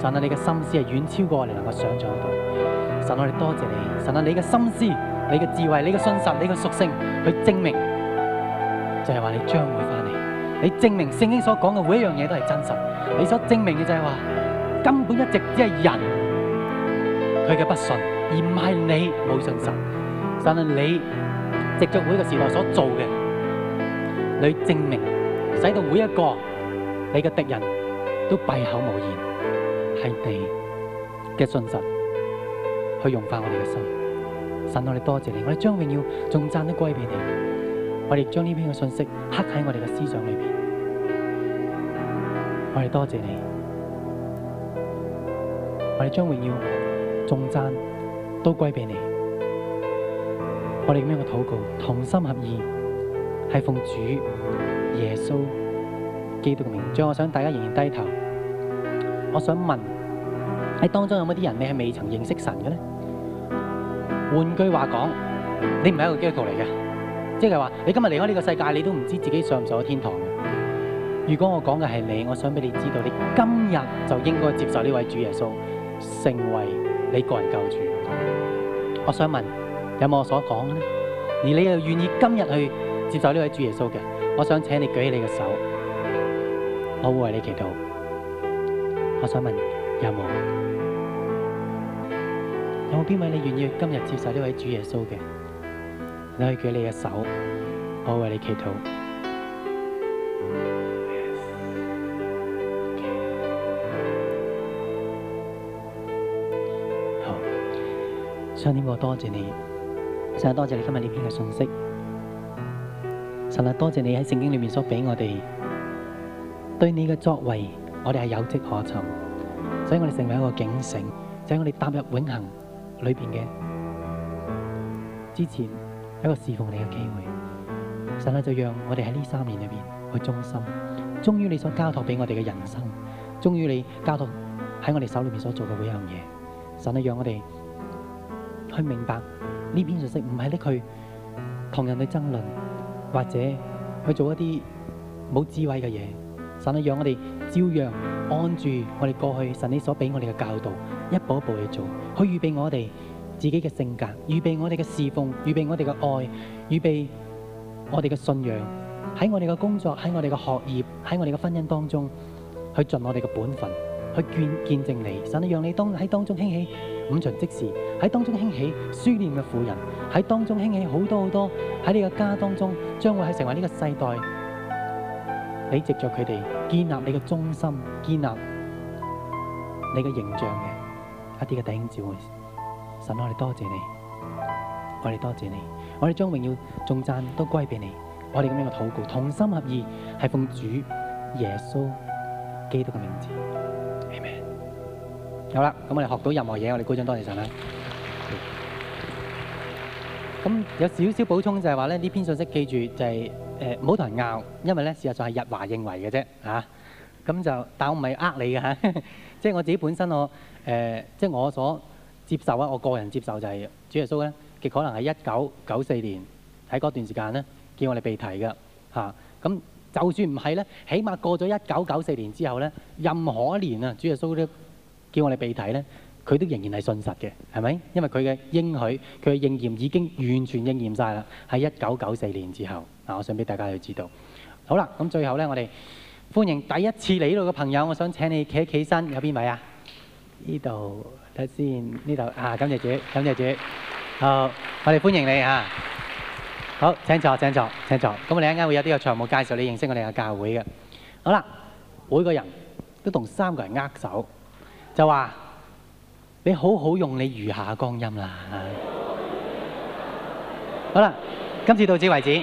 神啊，你嘅心思係遠超過我哋能夠想象到。神，我哋多謝你。神啊，你嘅心思、你嘅智慧、你嘅信實、你嘅屬性去證明，就係話你將會翻嚟。你證明聖經所講嘅每一樣嘢都係真實。你所證明嘅就係話，根本一直只係人，佢嘅不信，而唔係你冇信實。神啊，你藉著每一個時代所做嘅，你證明，使到每一個你嘅敵人都閉口無言。係地嘅信實，去融化我哋嘅心。神，我哋多謝你，我哋將榮耀仲讚都歸俾你。我哋將呢篇嘅信息刻喺我哋嘅思想裏邊。我哋多謝你，我哋將榮耀仲讚都歸俾你。我哋咁樣嘅禱告，同心合意，係奉主耶穌基督嘅名。最後，我想大家仍然低頭。我想問喺當中有冇啲人你係未曾認識神嘅呢？換句話講，你唔係一個基督徒嚟嘅，即係話你今日離開呢個世界，你都唔知自己上唔上天堂。如果我講嘅係你，我想俾你知道，你今日就應該接受呢位主耶穌，成為你個人救主。我想問有冇我所講呢？而你又願意今日去接受呢位主耶穌嘅？我想請你舉起你嘅手，我會為你祈禱。我想問有冇？有冇邊位你願意今日接受呢位主耶穌嘅？你可以舉你嘅手，我會為你祈禱。Yes. Okay. 好，上天我多謝你，想多謝你今日呢篇嘅信息，神啊，多謝你喺聖經裏面所俾我哋對你嘅作為。我哋係有跡可尋，所以我哋成為一個警醒，就喺我哋踏入永恆裏邊嘅之前，係一個侍奉你嘅機會。神啊，就讓我哋喺呢三年裏邊去忠心，忠於你所交託俾我哋嘅人生，忠於你交託喺我哋手裏面所做嘅每一樣嘢。神啊，讓我哋去明白呢篇信息唔係拎去同人哋爭論，或者去做一啲冇智慧嘅嘢。神啊，讓我哋。照樣按住我哋過去神你所俾我哋嘅教導，一步一步去做，去預備我哋自己嘅性格，預備我哋嘅侍奉，預備我哋嘅愛，預備我哋嘅信仰。喺我哋嘅工作，喺我哋嘅學業，喺我哋嘅婚姻當中，去盡我哋嘅本分，去見見證你，神你讓你當喺當中興起五旬節時，喺當中興起書念嘅婦人，喺當中興起好多好多喺你嘅家當中，將會係成為呢個世代。你藉着佢哋建立你嘅中心，建立你嘅形象嘅一啲嘅頂柱，神啊！我哋多謝你，我哋多謝你，我哋將榮耀、頌讚都歸俾你。我哋咁樣嘅禱告，同心合意，係奉主耶穌基督嘅名字。阿門。好啦，咁我哋學到任何嘢，我哋高聲多謝神啦。咁謝有少少補充就係話咧，呢篇信息記住就係、是。誒唔好同人拗，因為咧事實上係日華認為嘅啫嚇。咁就但係我唔係呃你嘅嚇，即係我自己本身我誒即係我所接受啊。我個人接受就係主耶穌咧，極可能係一九九四年喺嗰段時間咧叫我哋被提嘅嚇。咁就算唔係咧，起碼過咗一九九四年之後咧，任何一年啊，主耶穌都叫我哋被提咧，佢都仍然係信實嘅，係咪？因為佢嘅應許佢嘅應驗已經完全應驗曬啦。喺一九九四年之後。嗱，我想俾大家去知道。好啦，咁最後咧，我哋歡迎第一次嚟呢度嘅朋友。我想請你企起身，有邊位啊？呢度睇先，呢度啊，感謝主，感謝主。好，我哋歡迎你嚇。好，請坐，請坐，請坐。咁我哋一陣會有啲嘅場務介紹，你認識我哋嘅教會嘅。好啦，每個人都同三個人握手，就話你好好用你餘下嘅光陰啦。好啦，今次到此為止。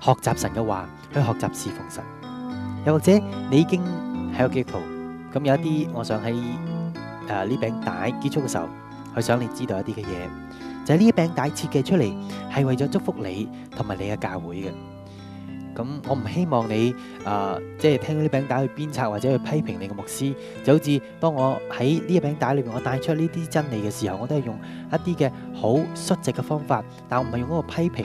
學習神嘅話，去學習侍奉神。又或者你已經喺個教會，咁有一啲，我想喺誒呢餅帶結束嘅時候，去想你知道一啲嘅嘢，就係呢一餅帶設計出嚟係為咗祝福你同埋你嘅教會嘅。咁我唔希望你誒、呃，即係聽到呢餅帶去鞭策或者去批評你嘅牧師，就好似當我喺呢一餅帶裏面，我帶出呢啲真理嘅時候，我都係用一啲嘅好率直嘅方法，但我唔係用嗰個批評。